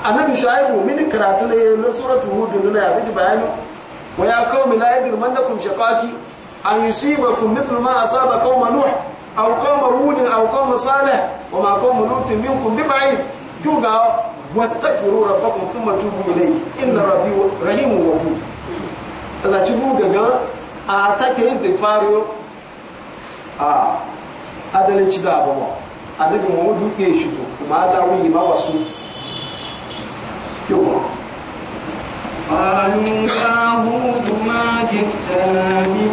annabi shaibu min karatu ne na suratu hudu ne ya ji bayani wa ya qaumi la yajrimannakum shaqaqi an yusibakum mithlu ma asaba qauma nuh aw qauma hud aw qauma salih wa ma qauma lut minkum bib'id tuga wastaghfiru rabbakum thumma tubu ilayhi inna rabbi rahimun wadud za ci buga ga a sake istighfaru a adalin ci da abawa annabi Muhammadu ke shi to kuma da wuyi ma wasu قالوا يا هود ما جئتنا به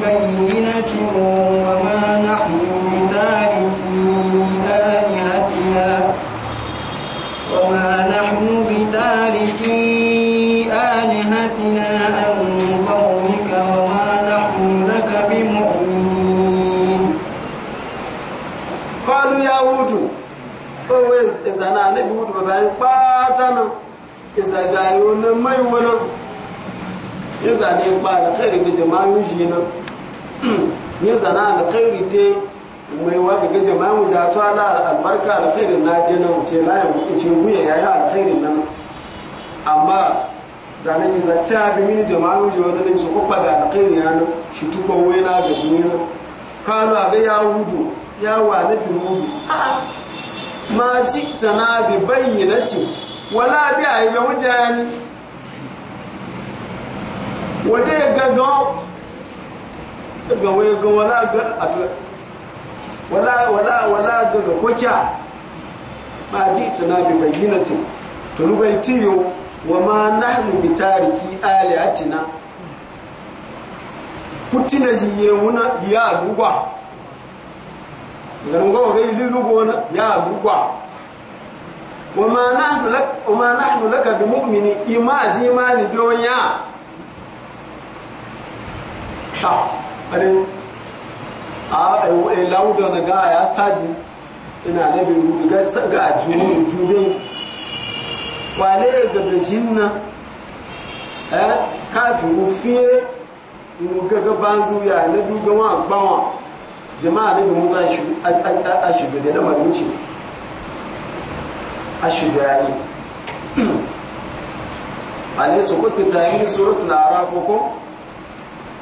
babayin ɓata nan iza zayo na mai wani ya zane ba alkhairi ga jama'in shi nan ya zana alkhairi te mai wa daga jama'in ja ta na albarka alkhairi na dina wuce layan wuce wuya ya yi alkhairi nan amma zane ya zace abin mini jama'in ji wani ne su kwakwa da alkhairi ya nan shi tuba wena ga duniya kano abin ya hudu ya wa na bi hudu a'a ma na bi bayyinati wala bi aibe wajen wade gaga ga waye ga wala ga ato wala wala wala ga ga kokya ma na bi bayyinati to lugai tiyo wa ma nahnu bi tariki alihatina kutina yiye wuna ya lugwa ngamgo ga ilu gona ya bugwa wama nahnu lak wama nahnu laka bimu'mini ima jima ni donya ta ale a e, e lauda na ga ya saji ina da bi rudu eh, ga ga jumu jube wale ga bejinna eh kafi ufiye mu gaga banzu ya ne du ga wa gbawa jama'a da mu za a shiga da lamar wuce a shiga yayi alai su kuka tayi na araf ko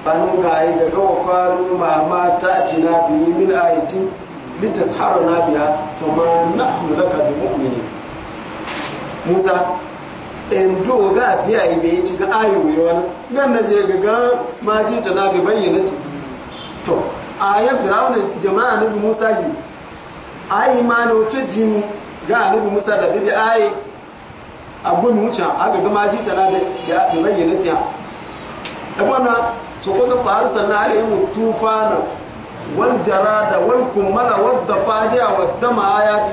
banu ga yi daga wa kwaru ma ma ta'tina bi min ayatin litasharana ma na nahnu ka bi mu'mini musa in do ga biya yi bai ci ga ayu wani nan na je ga ma ji ta na bi bayyana to a ya firawun da jama'a nabi musa ji a yi ma jini ga nabi musa da bibi a yi wuce a ga gama ji tana da ya da bayyana ta abana su kuma fa'ar sannan ala yi mutufana wal jarada wal kummala wal wal dama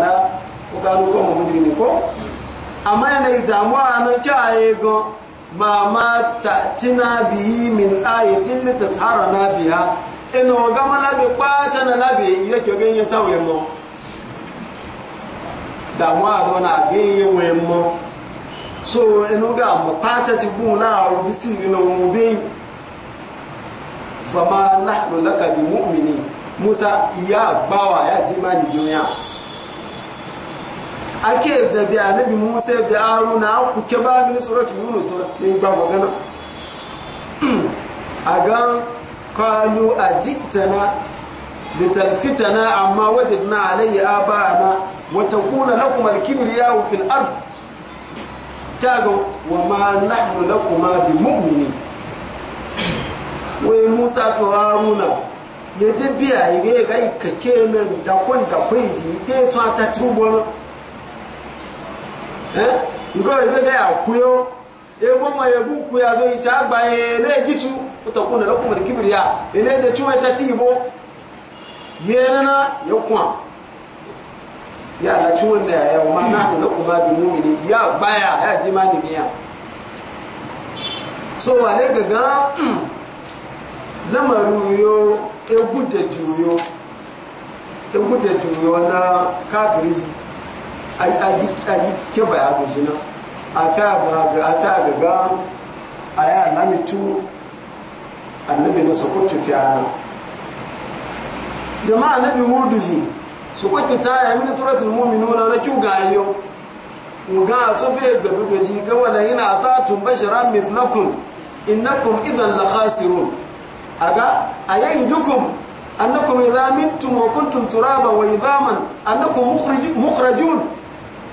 da ko kanu ko mu mujrimu ma ma ta'tina bihi min ayatin litasharana biha ina waga malabe kwata na labe ile kyo ganye ta wemo da mu ado na ganye wemo so ina ga mu kwata ti gun na o di siri na mu be fama nahnu laka bi mu'mini musa ya bawa ya ji ma ni ake da bi annabi Musa bi aruna ku ke ba mini suratu Yunus ne ba magana agan qalu ajitana litalfitana amma wajadna alayhi abana wa takuna lakum alkibriya fi al-ard kaga wa ma nahnu lakum bi mu'minin wai Musa to aruna ya dabiya ya ga kake nan da kun da kai ji dai ta tubo ngoyo ga ya kuyo ebo ma ya buku ya zo ita agba ne gichu utakuna lakum alkibriya ene da chuma tatibo yenana yakwa ya la chuwan da ya ma na da kuma bi mu'mini ya baya ya ji ma ya so wale gaga lamaru yo egude juyo egude juyo na kafiriji ke baya ga jina a ta ga a yi alamitu annabi na sokoto fi ana jama'a na bi annabi huduji sokoto ta yi mini suratul muminuna na kyau ga yau ga a tsofe gabi da shi ga wala ina ta tun bashara mithlakum innakum idan la khasirun aga ayayin dukum annakum idza mittum wa kuntum turaba wa idhaman annakum mukhrajun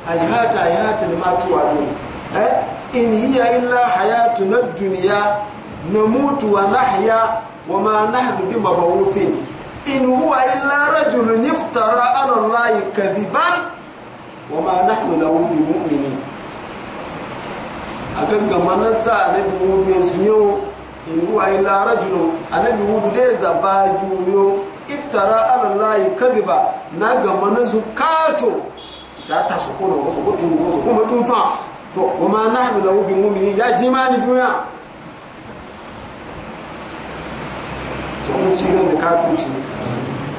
ayhata ayatin ma tuwadun eh in hiya illa hayatuna dunya namutu wa nahya wa ma nahnu bimabawuthin in huwa illa rajulun iftara ala allahi kadhiban wa ma nahnu lahu muminin akan gamanan sa annabi hudu ya zuyo in huwa illa rajulun annabi hudu dai zaba juyo iftara ala allahi kadhiba na gamanan su kato ta ta su ko no su ko tun su ko mutun ta to kuma na nahnu da wubin mumini ya ji ma ni duniya so ko ci da kafirci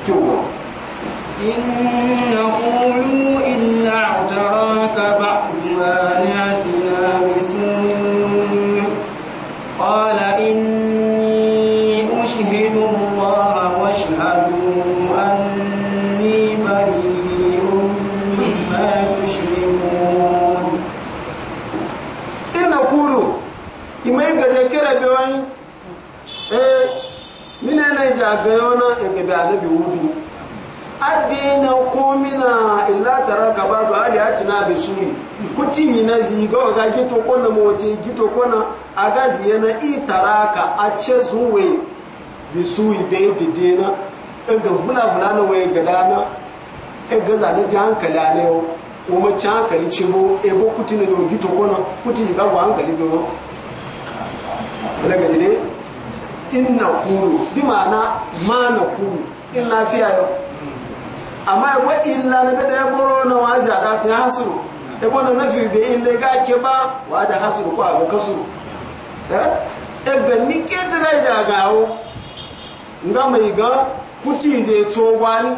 to in na naqulu illa adraka ba gayona ga yana annabi hudu komina illa taraka bado ba atina bi suni kuti ni na ga gito kona mo gito kona aga yana i taraka a ce zuwe bi suri de de de na ga vula vula na waye ga dana e ga zani ni hankali ne ne kuma ci hankali ci bo e bo kuti na yo gito kona kuti ga wa hankali be mo daga dide in na kulu bi ma'ana ma na kulu in lafiya yau amma wa illa na gada ya boro na wazi a datin hasuru ya boro na fi bai in lega ke ba wa da hasuru ko abu kasu eh? ya gani ketara da gawo nga mai ga kuti zai tsogon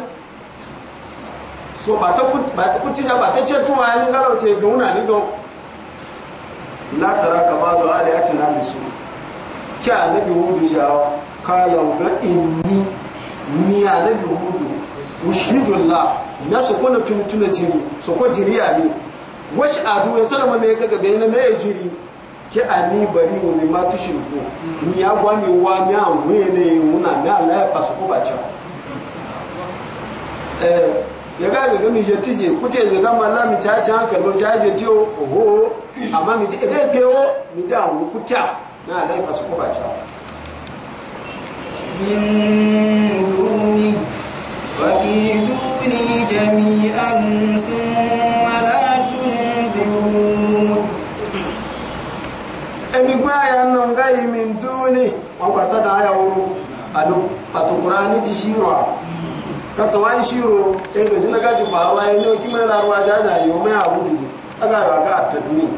so ba ta kuti ba ta ce tuwa ni ga rauce ga wuna ni ga tara ka ba da aliyatina bisu kí ànábì hudu ṣe àwọn kálọ̀ ọ̀gán ìní ní ànábì hudu wùsùdùlá na sọkọ́ na tuntun jiri sọkọ́ gaga bai na mai jiri ki ani bari wa mai ya a ya ya ga ga mi je tije kute ya ga ma la mi cha cha kan lo cha je tiyo oho amma mi da ke wo mi da na lai fasu ko bacha min duni wa bi duni jami'an summa la tunzirun emi kwa ya non gai min duni wa kasada ya wuru a. adu patukurani jishirwa katsa wani shiro ɗaya gaji na gaji faruwa ya ne wa kimar larwa jajaye wa mai abu da aka yi wa ga a tadunin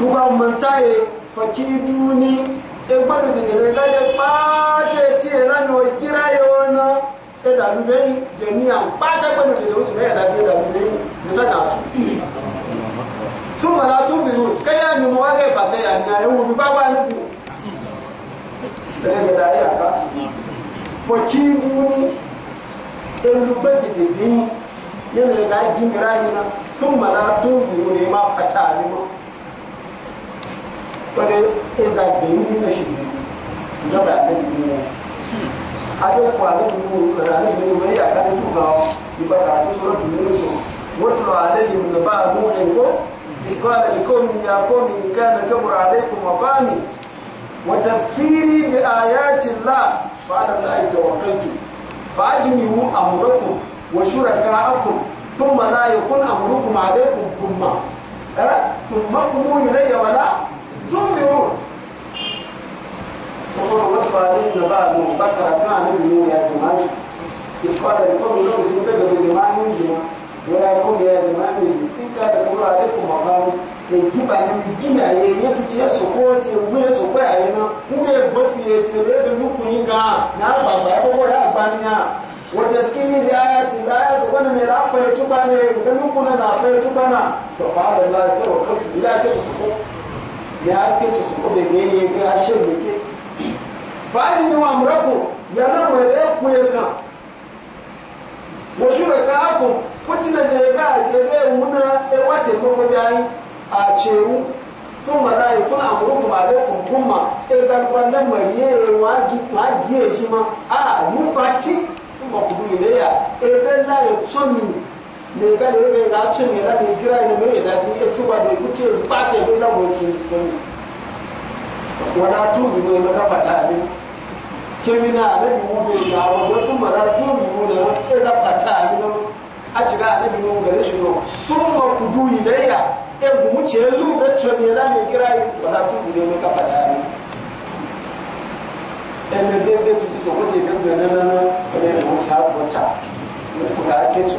nuka mantaye fakiduni egbadu dingere gade kpaate ti e elani o e kira yona e edalu bɛyi jɛniya kpaate gbadu dingere o tuma yɛlɛ ti edalu bɛyi musa e ka fi tumala tubiru kɛyɛ numu wa kɛ pate ya nya ewu bi baba ni fu ɛlɛ gɛda da ya ka e fakiduni elugbɛdi de bi le ga yɛlɛ ka dingere ayi na tu tubiru ne ma pata ni mo wani eza gari na shi na ba na biyu adon ya kada tuka ba ka ta sura tuni su wato alaihim ba mu in ko qala ya qawmi in kana kabur alaikum maqami wa bi ayati llah fa ala allahi tawakkaltu fa ajmiu amrakum wa shurakaakum thumma la yakun amrukum alaikum gumma ثم قضوا إلي ولا دوروا سوف نصفارين بعد مبكرة كان من ga na agbagba ya gbogbo ya agba ni a wata na na akpa ya ke su ko da ne ga shin muke fa ni wa amraku ya na mu da ku ya ka wa shuraka ku kutina je ga je ga muna e wate ko ko dai a cewu sun ma dai kuma e dan wannan mariye e wa gi ma gi e shi ma a mu bati sun ba ku ne ya e ben me ga ne me ga tun me na ne gira ne me da ne e fuba ne ku ce ba ko na bo ko wala tu bi ne na ne ta ne kemina ne bi mu be ga wa wasu mara tu bi mu ne ko ne ba ta ne a ci ga ne bi mu ga shi no sun ba ku du yi ne ya e bu mu ce lu ne tun me ne tu bi ne ka ba ta ne ẹni ne ẹgbẹ́ tuntun ne wọ́n ti ẹgbẹ́ ẹgbẹ́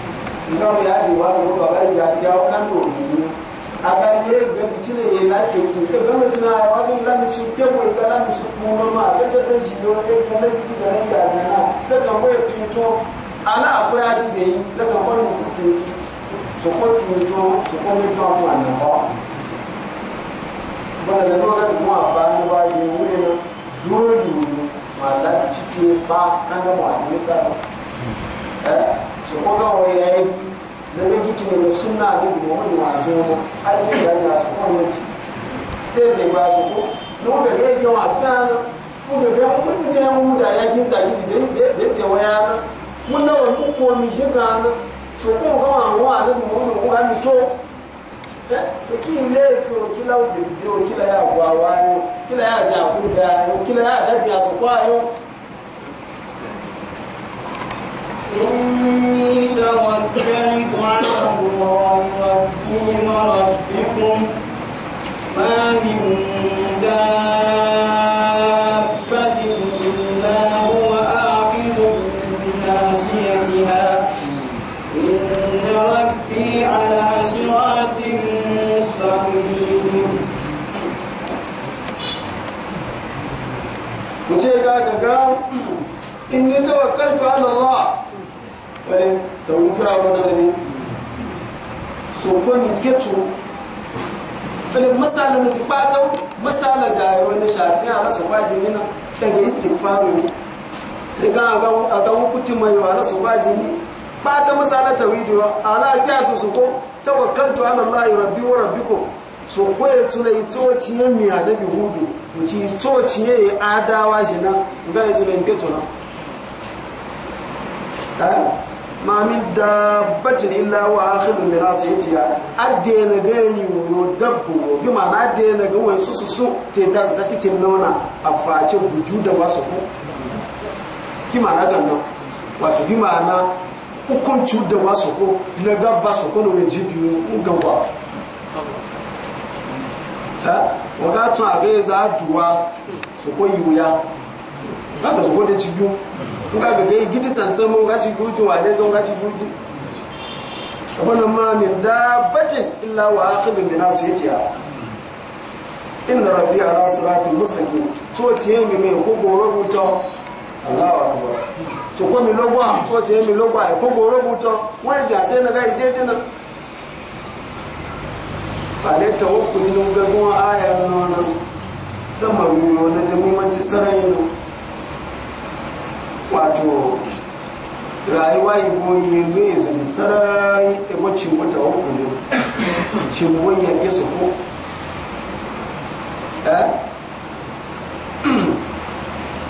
nga mu ya di ko baba ja ya o kan do ni aga ye ga bitine ye na ke ku ke ga mutina ya wani la mi su ke mo ga la mi su mu no ma ga da da ji do ne ga da su ya ti to ala ko ka mo mu ti so ko ti to so ko mi to to an ba ba da no ga mu ba ni ba ye wuri na dole ma la ti ti ba kan ga mu a ni su koga waya yake da ne giki ne suna da muhammadu wa zuwa alfi da ya su kowa ci ɗaya zai ba su ko don ga ga yake wa fiya ko ga ga mun ji na mu da ya kin zagi shi da ta waya mun nawa ku ko mi shi ka na su ko ga wa wa da muhammadu ko mi to eh, to ki le fi o kila o se di o ya wa wa kila ya ja ku da yo kila ya da ti asu kwa yo إني توكلت على الله ربي وربكم ما من دابة إلا هو آخذ بناصيتها إن ربي على صراط مستقيم وجاء قال إني توكلت على الله bare ta wufura wanda da ne so ko ni kecu bare masala na tibato masala jaye wanda shafi ala so ba jini na daga istighfaru daga aga aga hukuti mai wala so ba jini ba ta masala tawidi wa ala ta su ko tawakkaltu ala allah rabbi wa rabbikum so kwaye adawa jina ga yanzu ne ke tuna eh? ma min dabbatin illa wa akhidhu min asiyatiha addena gani yo dabbu bi ma na addena ga wani su su te da ta tikin nona a face buju da wasu ko ki ma na ganno wato bi ma na hukunci da wasu ko na gabba su ko no we jibi ko gabba ha waga tun a ga za duwa su ko yuya ba ta su ko da cibiyo nga ga gai gidi tsantsan mun gaci guju wa ne zan gaci guju wannan ma min bati illa wa akhidhu bi nasiyatiha inna rabbi ala siratin mustaqim to tiye mi me ko goro buto Allahu akbar so ko mi logo am to tiye mi logo ai ko goro buto wai ja se na ga ide dinan ale tawakkuli nun ga gon aya nan nan da maruwa da muhimmanci sarayi nan wato rayuwa yi goyi ne zai sarari da wacce wata wakulu ce goyi ya su ko eh?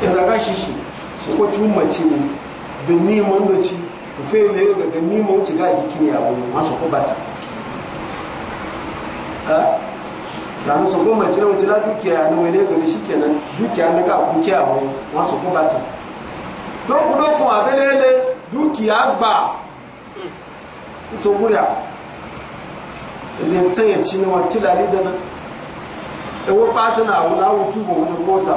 ya zaga shi shi su ko cin mace mu da neman da ku fe ne ga ga neman wuce ga gikin a wani masu ko bata zanen su ko eh? mace wuce na dukiya ne wani ga shi kenan dukiya ne ga kuke a wani masu ko bata lókùdókùn àbẹ́lẹ́lẹ́ dúkìá gbà nítorí à zai tanya cini wa tilali da nan ewu pata na wula wutu ba wutu kosa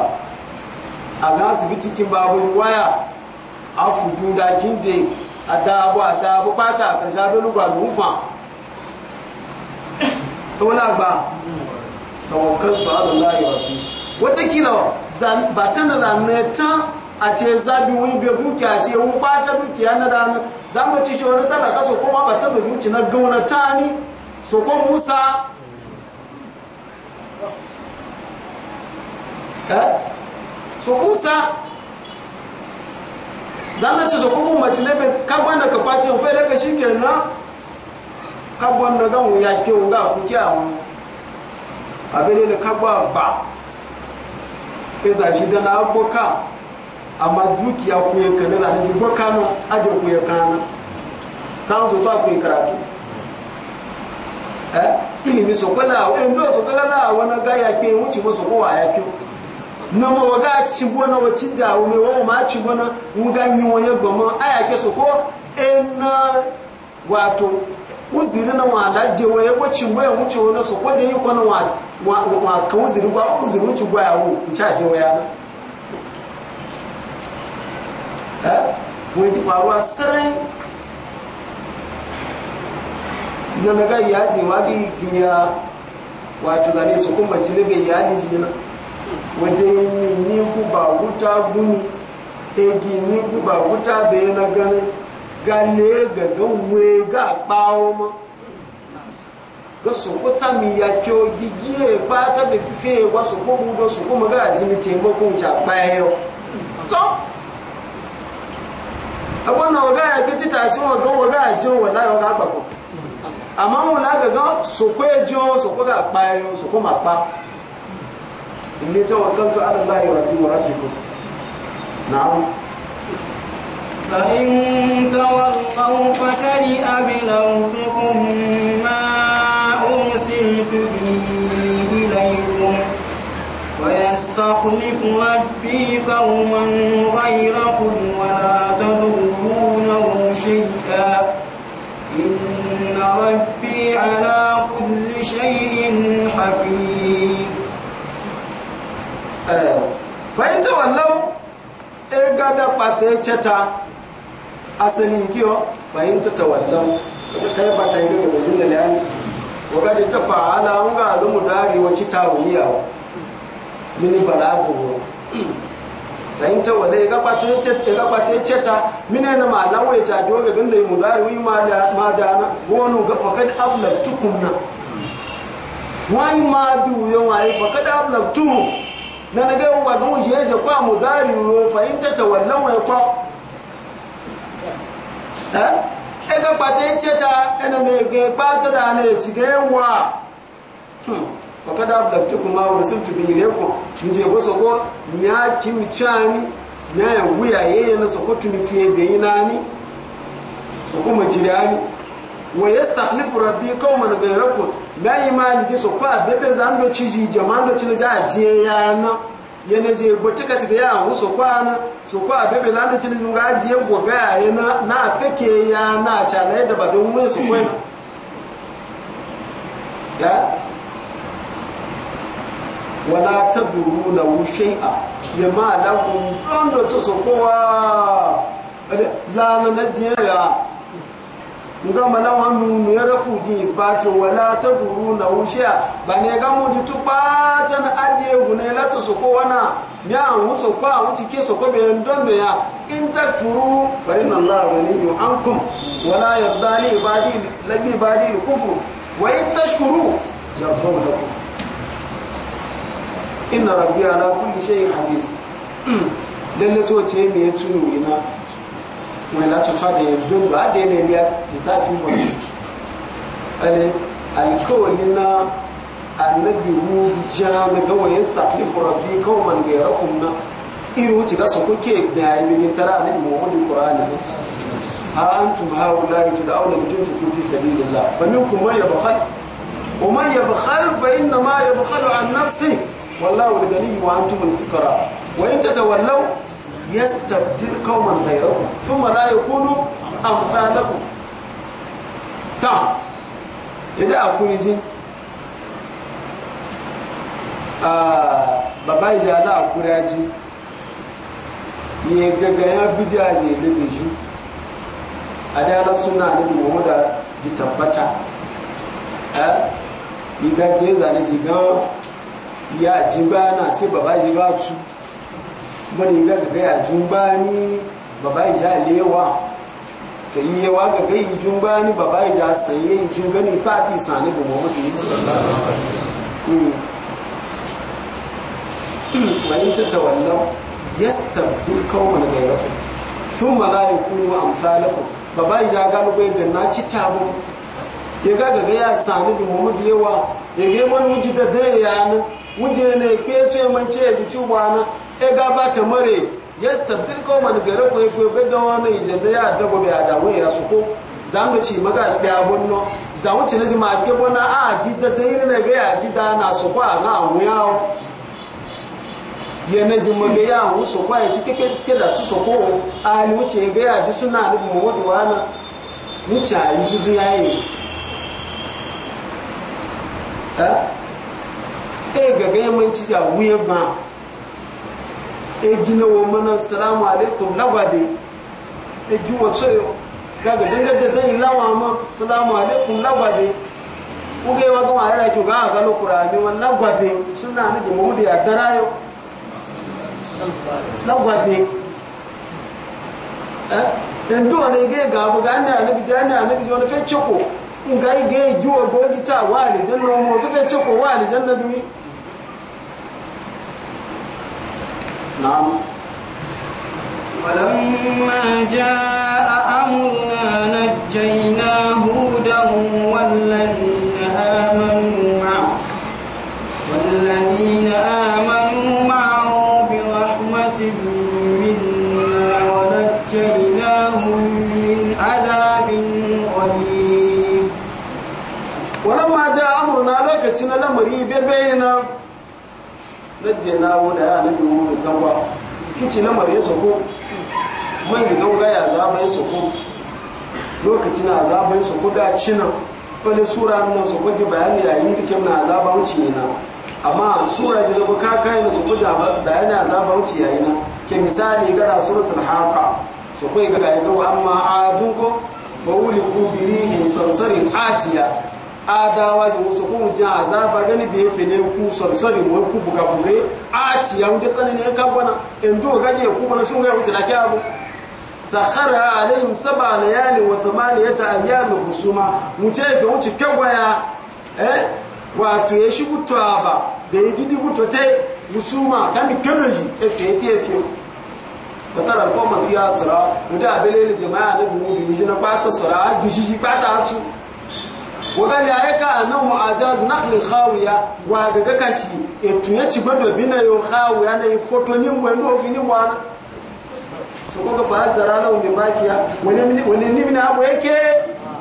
a ga asibiti kin babu waya a fudu da kin de a dabu a dabu pata a karshe abin lugba nufa ta wani agba tawakkaltu ala Allah ya rabbi wata kila ba ta na ta a ce zabi wani bai dukiya ce wani bata dukiya na dana za mu ci shi wani talaka so kuma ba ta dukiya na ta ni so ko musa eh? so musa za mu ci so kuma mace lebe kabon da ka kwace fere daga shi ke na kabon da gan wuya ke wuga kuke a wani abin da kabon ba isa shi da na abokan amma dukiya ku ya kana da shi ko kano aje ku ya kana kan a ku yi karatu eh ilimi so kala o eh, ndo so kala na wana ga ya ke wuci ko so ko wa ya ke no mo ci wa ci da o me wa ma ci na mu ga nyi wo ya gbomo aya ke so ko en eh, wato uziri na wala de wo ya ko ci ya na so ko de yi ko na wa wa gwa ya wo ncha de wo ya na wai ji faruwa sarai na naga ya je wa gi giya wato da ne su kuma ci ne bai ya ni ji na wadda ni ni ku ba wuta guni egi ni ku ba wuta bai na gane gale ga ga we ga pawo ma ga su ko ta mi ya kyo gigiye pa ta be fife wa su ko mu do su ko ma ga ji mi tembo ko ja pa yo to abọ́nà ọ̀gá ẹ̀dẹ́ títà tí wọ́n gan ya gáà jẹun wọ̀ láyọ̀ ọ̀gá àgbàkọ̀ àmọ́ wọn lágàgán sòkó ẹjọ́ sòkó gà pa ẹyọ sòkó mà pa ta tí wọn kàn tó àdàlá ìwà bí wọn rájò kọ náà. فإن تولوا فكرئ بلومكم ما أرسلت به إليكم ويستخلف ربي قوما غيركم ولا تضرون ربي على كل شيء حفيظ فإن تولوا إغدا باتيتشتا أسنين فإن تتولوا kai ba ta yi daga bajin da da ta fa'ala alumu dari wacce ta rumiya mini fahimta wala ya gabata ya ceta ya gabata ya ceta mine na ma lawo ya ta doga ganda mu da wi ma da ma da na wonu ga fakad ablabtukum na wai ma du yo wai fakad ablab ablabtuhum na na ga wa ga mu je kwa mu da ri yo fahimta ta wallan wai kwa eh e gabata ya ceta ena me ga pata da na ya ci wa hmm faqad ablagtukum ma ursiltu bi ilaykum nije bo soko nya kimi ya wuya yeye na soko tumifiye da soko majirani wa yastakhlifu rabbi qauman ghayrakum ma imani ji soko abebe zando chiji jamando chile za ajiye yana yana je botika tiga ya wu soko ana soko abebe zando chile yana na afeke yana chana da babin mun soko ya wala ya ma yama lahum dondo ta sokowa lana najiya nga mana wanu nu yara fuji bato wala tadruna shay'a bane ga mu ji ta na ya gune la ta sokowa na nya mu sokwa mu tike sokwa be da ya in takfuru fa allah wani an ankum wala yabdali ibadi labi ibadi kufu wa in tashkuru yardaw lakum inna rabbi ala kulli shay'in hafiz lalle to ce me ya tuno ina mai na tuta da yadda ba da yana ya lissafi mai ale alkawalin na annabi hudu ja na gawa ya staklifu rabbi kawman ga yara kumna irin wuce ga su ke da ya mini tara annabi muhammadu qur'ani ha antum haula tud'auna bi tunfiqu fi sabilillah faminkum man yabkhal ومن يبخل فإنما يبخل عن نفسه wallahu al-ghani wa antum al-fuqara wa in tatawallaw yastabdil qauman ghayrakum thumma la yakunu amsalakum ta idan akuri jin ah baba da akuri ji ye gaga ya bidaje da biju adala suna da muhammad ji tabbata eh idan je zane shi ga ya ji bana sai baba ji ba cu yi ga ga ya jun bani baba ja lewa ta yi yawa ga ga yi ba bani baba ja sai yi jin gani fati sani bu muhammadu sallallahu alaihi wasallam wa in tatawallaw yastabdil qauman ghayrakum thumma la yakunu ba baba ja gano bai ga na ci tabo ya ga ga ya sani bu muhammadu yawa ya ga man wuji da da yana wuje na ekpe ce manci ya ji tuba na e gaba ta mare ya stabdil gara man gare ko ifo be da wani ya dabo be adamu ya su ko zamu ci maga ya bonno zamu ci ne ma ke aji a ji da dai ne ya ji da na su a na mu ya ne ji ya mu ya ci ke ke da a ya ji e gaga yamanci ja wuye ba e gina wa mana salamu alaikum lagwade e wace gaga dangar da dan lawa ma salamu alaikum lagwade kuge wa gama yara ki ga ga lokura mi wan lagwade suna ni da mu da yau lagwade en to ne ga ga bu ga ne annabi fe choko ngai wa go ta wa to fe choko wa نعم ولما جاء أمرنا نجينا هودا والذين آمنوا معه والذين آمنوا معه برحمة منا ونجيناهم من عذاب غليظ ولما جاء أمرنا لك تنا لمري بيننا lajje na wuda ya nabi wo da tagwa kici na mare ko man ji gauga ya zaba su ko lokaci na zaba ya ko da cinan wani sura na soko ji bayani ya yi rikin na zaba wuce na amma sura ji da buka kai na soko ji bayani ya zaba wuce ya yi na ke misali gada suratul haka su ya gada ya gawa amma a jinko fa wuli ku birihin sansarin atiya adawa wasu kuma jin ba gani da ya fi ne ku sorisori wa ku buga buga a ti ya wuce tsanani ya kabbana in do gage ku bana sun ga wuce na kya abu sakhara alaihim sab'a layali wa thamaniyata ayyam husuma muje fi wuce kagwaya eh wato ya shi gutaba da ya gidi gutote husuma ta mi kanoji efe ete efe fatara alqawma fiya sura muda abelele jama'a da bugu yi na kwata sura gishiji kwata su waɗanda ya ka a nan mu'ajaz nakhlin khawiya wa daga kashi etu ya ci gbado bina yau khawiya na yi foto ni mu yanzu ofi ni mu so ko ka fara tara na wani bakiya wani ni mina abu yake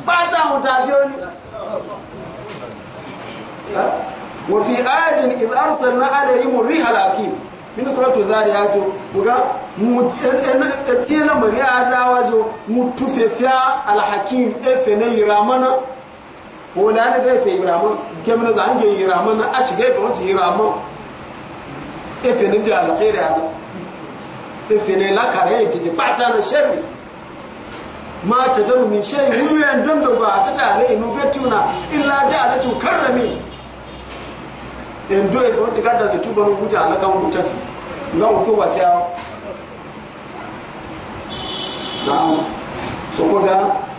ba ta mu ta fiye ni wa fi ayatin idh arsalna alayhim riha lakim min suratu zariyat kuga mutiyana mariya dawazo mutufefiya alhakim efene yiramana ko la ne dai fe ibrahim kemin za an ge ibrahim na a ci ge fe wanci ibrahim e fe ne da alkhairi ana e fe ne la kare ti ti pata na shemi ma ta daru min shay wuyan dan da ba ta tare inu betuna illa ja'alatu karrami en do e fe wanci gadda ze tuba mu guta alaka mu tafi ngawo ko wa fiya na'am so ko ga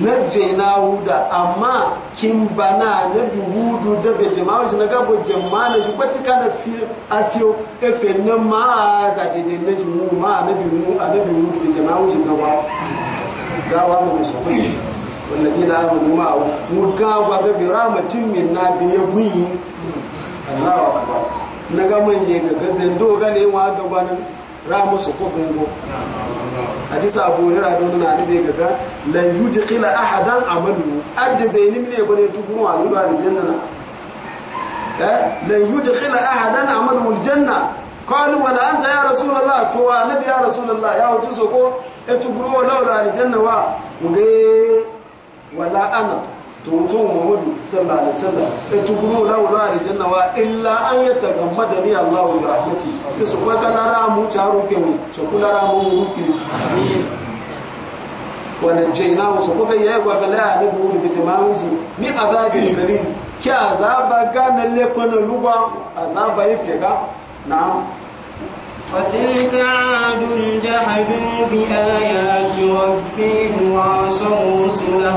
na jaina huda amma kin bana na bi hudu da be jama'a shi na gafo jama'a na shi batika na fi afiyo efe na ma za de de na jinu ma na bi hudu a na bi hudu da jama'a shi gawa gawa mu da shi wallafi na nima ma mu gawa ga bi rahmatin min na bi ya guyi Allahu akbar na ga manye ga gazan do ga ne wa gabanin ramu su ko gungo hadisa abu ne rado na ne be gaga lan yudqila ahadan amalu adda zaini ne bane tukunu a lura da janna na eh lan yudqila ahadan amalu aljanna qalu wa la anta ya rasulullah to wa nabi ya rasulullah ya wuce so eh, janna wa mu eh, tuntun muhammadu sallallahu alaihi wasallam da eh, tukuru wa la janna wa illa an yatagammada ni allah bi rahmati sai su ba kana mu taro ke mu su kula ramu mu rubi amin wa najayna su ko ga yayi wa bala ne bu bi tamamuzi mi azabi kariz ki azaba gana le kono lugwa azaba yifega na'am وتلك عاد جحدوا بآيات ربهم وعصوا رسله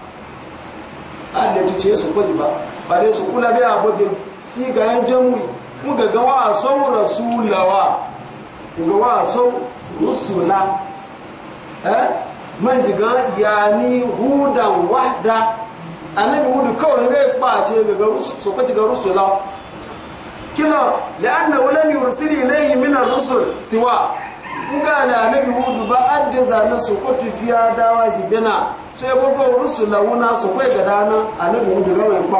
an da tuce su kudi ba ba dai su kula bai abu da si ga yan jamuri mu ga gawa a rasu rasulawa mu gawa a sau rusula eh man shiga ni hudan wahda annabi hudu kawai ne ba ce ga su kwaji ga rusula kila la'anna walam yursil ilayhi min ar-rusul siwa nga na anabi hudu ba zane zana so ko tufiya dawa shi bena so ya gogo rusula wuna so ko ga dana anabi hudu ga mai kwa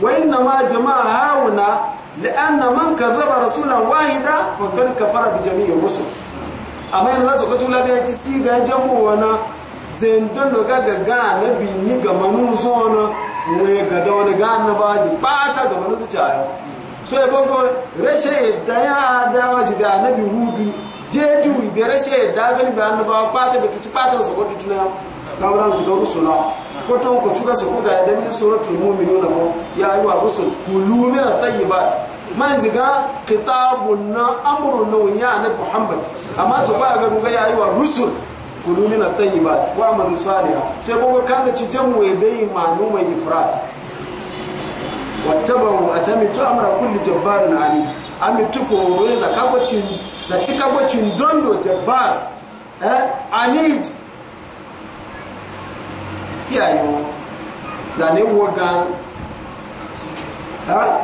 wa inna ma jama'a hauna la'anna man kadhaba rasulan wahida faqad kafara bi jami'i rusul amma yana so ko tula bi ti siga jamu wana zendon do ga ga ni ga manu zo na we da wani ga annabaji ba ga manu zuciya so ya gogo rashe da ya dawa jeju ibere she dagani ba annu ba pata be tutu pata so tutu na kawran ji ga rusula ko to ko tuga so ko ga da min suratul na ko ya ayu rusul kulu min at-tayyibat man ziga kitabun na amru na ya na muhammad amma so ba ga ga ya ayu rusul kulu min at-tayyibat wa amru salihah sai ko kan da ci jamu e bai no mai ifrad wattabu tu amra kulli jabbarin ali ami tufo weza kabacin katika bochi ndondo jabbar eh anid eh, ya yo zane woga ha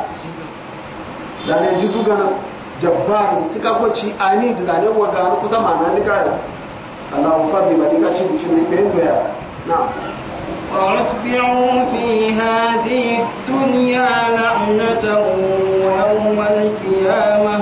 zane jisuga jabbar katika bochin anid zane woga kusa maana ndikaya Allah fadhi badika chini chini pendo ya na واتبعوا في هذه الدنيا لعنة ويوم القيامة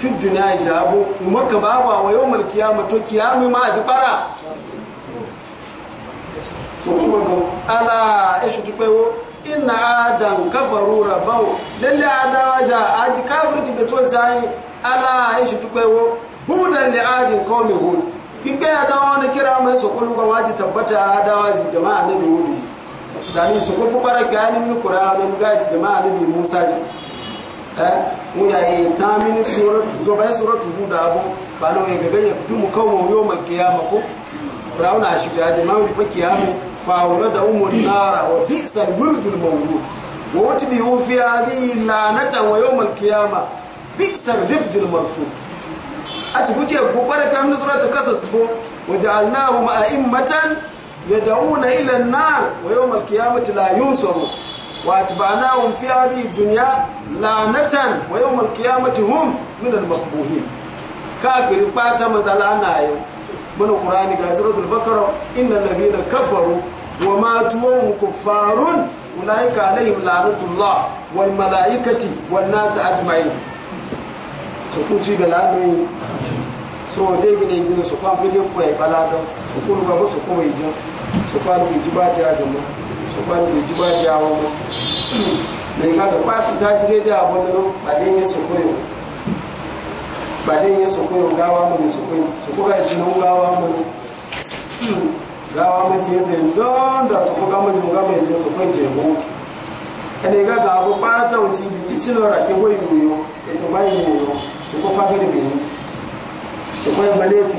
fi duniya jabo maka baba wa yawmal qiyamah kiya qiyamah ma ji bara so kuma ko ala ishu tupewo inna adam kafaru rabbahu lalle adawa ja aji kafirci be to jai ala ishu tupewo hudan li adin qawmi hud ibe adawa ne kira mai so kullu ga waji tabbata adawa ji jama'a nabi hudu zani so kullu bara gani mi qur'anin ga jama'a nabi musa ne Eh? yi ta mini suratu zo bayan suratu hudu abu ba na wai gaga ya dumu kawo yau mai kiyama ko firawuna a shirya da ma wufa kiyama fa'aura da umar nara wa bi sarwurdul mawdu wa wata bi hu fi hadhihi lanata wa yau mai kiyama bi sarfdil marfu a ci kuke kokare ta mini suratu su ko wa ja'alnahum a'immatan ya da'una ilan nar wa yau mai kiyama la sauro واتبعناهم في هذه الدنيا لعنة ويوم القيامة هم من المقبوهين كافر بات مزالانا من القرآن قال سورة البقرة إن الذين كفروا وماتوا وهم كفار أولئك عليهم لعنة الله والملائكة والناس أجمعين سكوتي بلاني so dai gine jina su kwan fili ko ya balada su kuma ba su kuma yi jin su kwan bi ta ga sọ̀kọ́ ti lè jùbọ́ jẹ́ àwọn ọmọ nìkan tó pàtì tájú lédè àwọn nínú pàdé yẹn sọ̀kọ́ yẹn pàdé yẹn sọ̀kọ́ yẹn gáwá mọ̀ ní sọ̀kọ́ yẹn sọ̀kọ́ ká ìṣúná ń gáwá mọ̀ ní gáwá mọ̀ ti yẹn sẹ́yìn dọ́ndà sọ̀kọ́ ká mọ̀ ní mo ká mọ̀ ìjọ sọ̀kọ́ ìjọ ẹ̀wọ̀ ẹni ká gà àbọ̀ pátá òtí ibi títí lọ́ra kéwọ́ ìlú yọ ètò ko wò yọ sọ̀kọ́ fábẹ́rẹ́ bẹ̀rẹ̀ sọ̀kọ́ ìgbàlẹ́ fi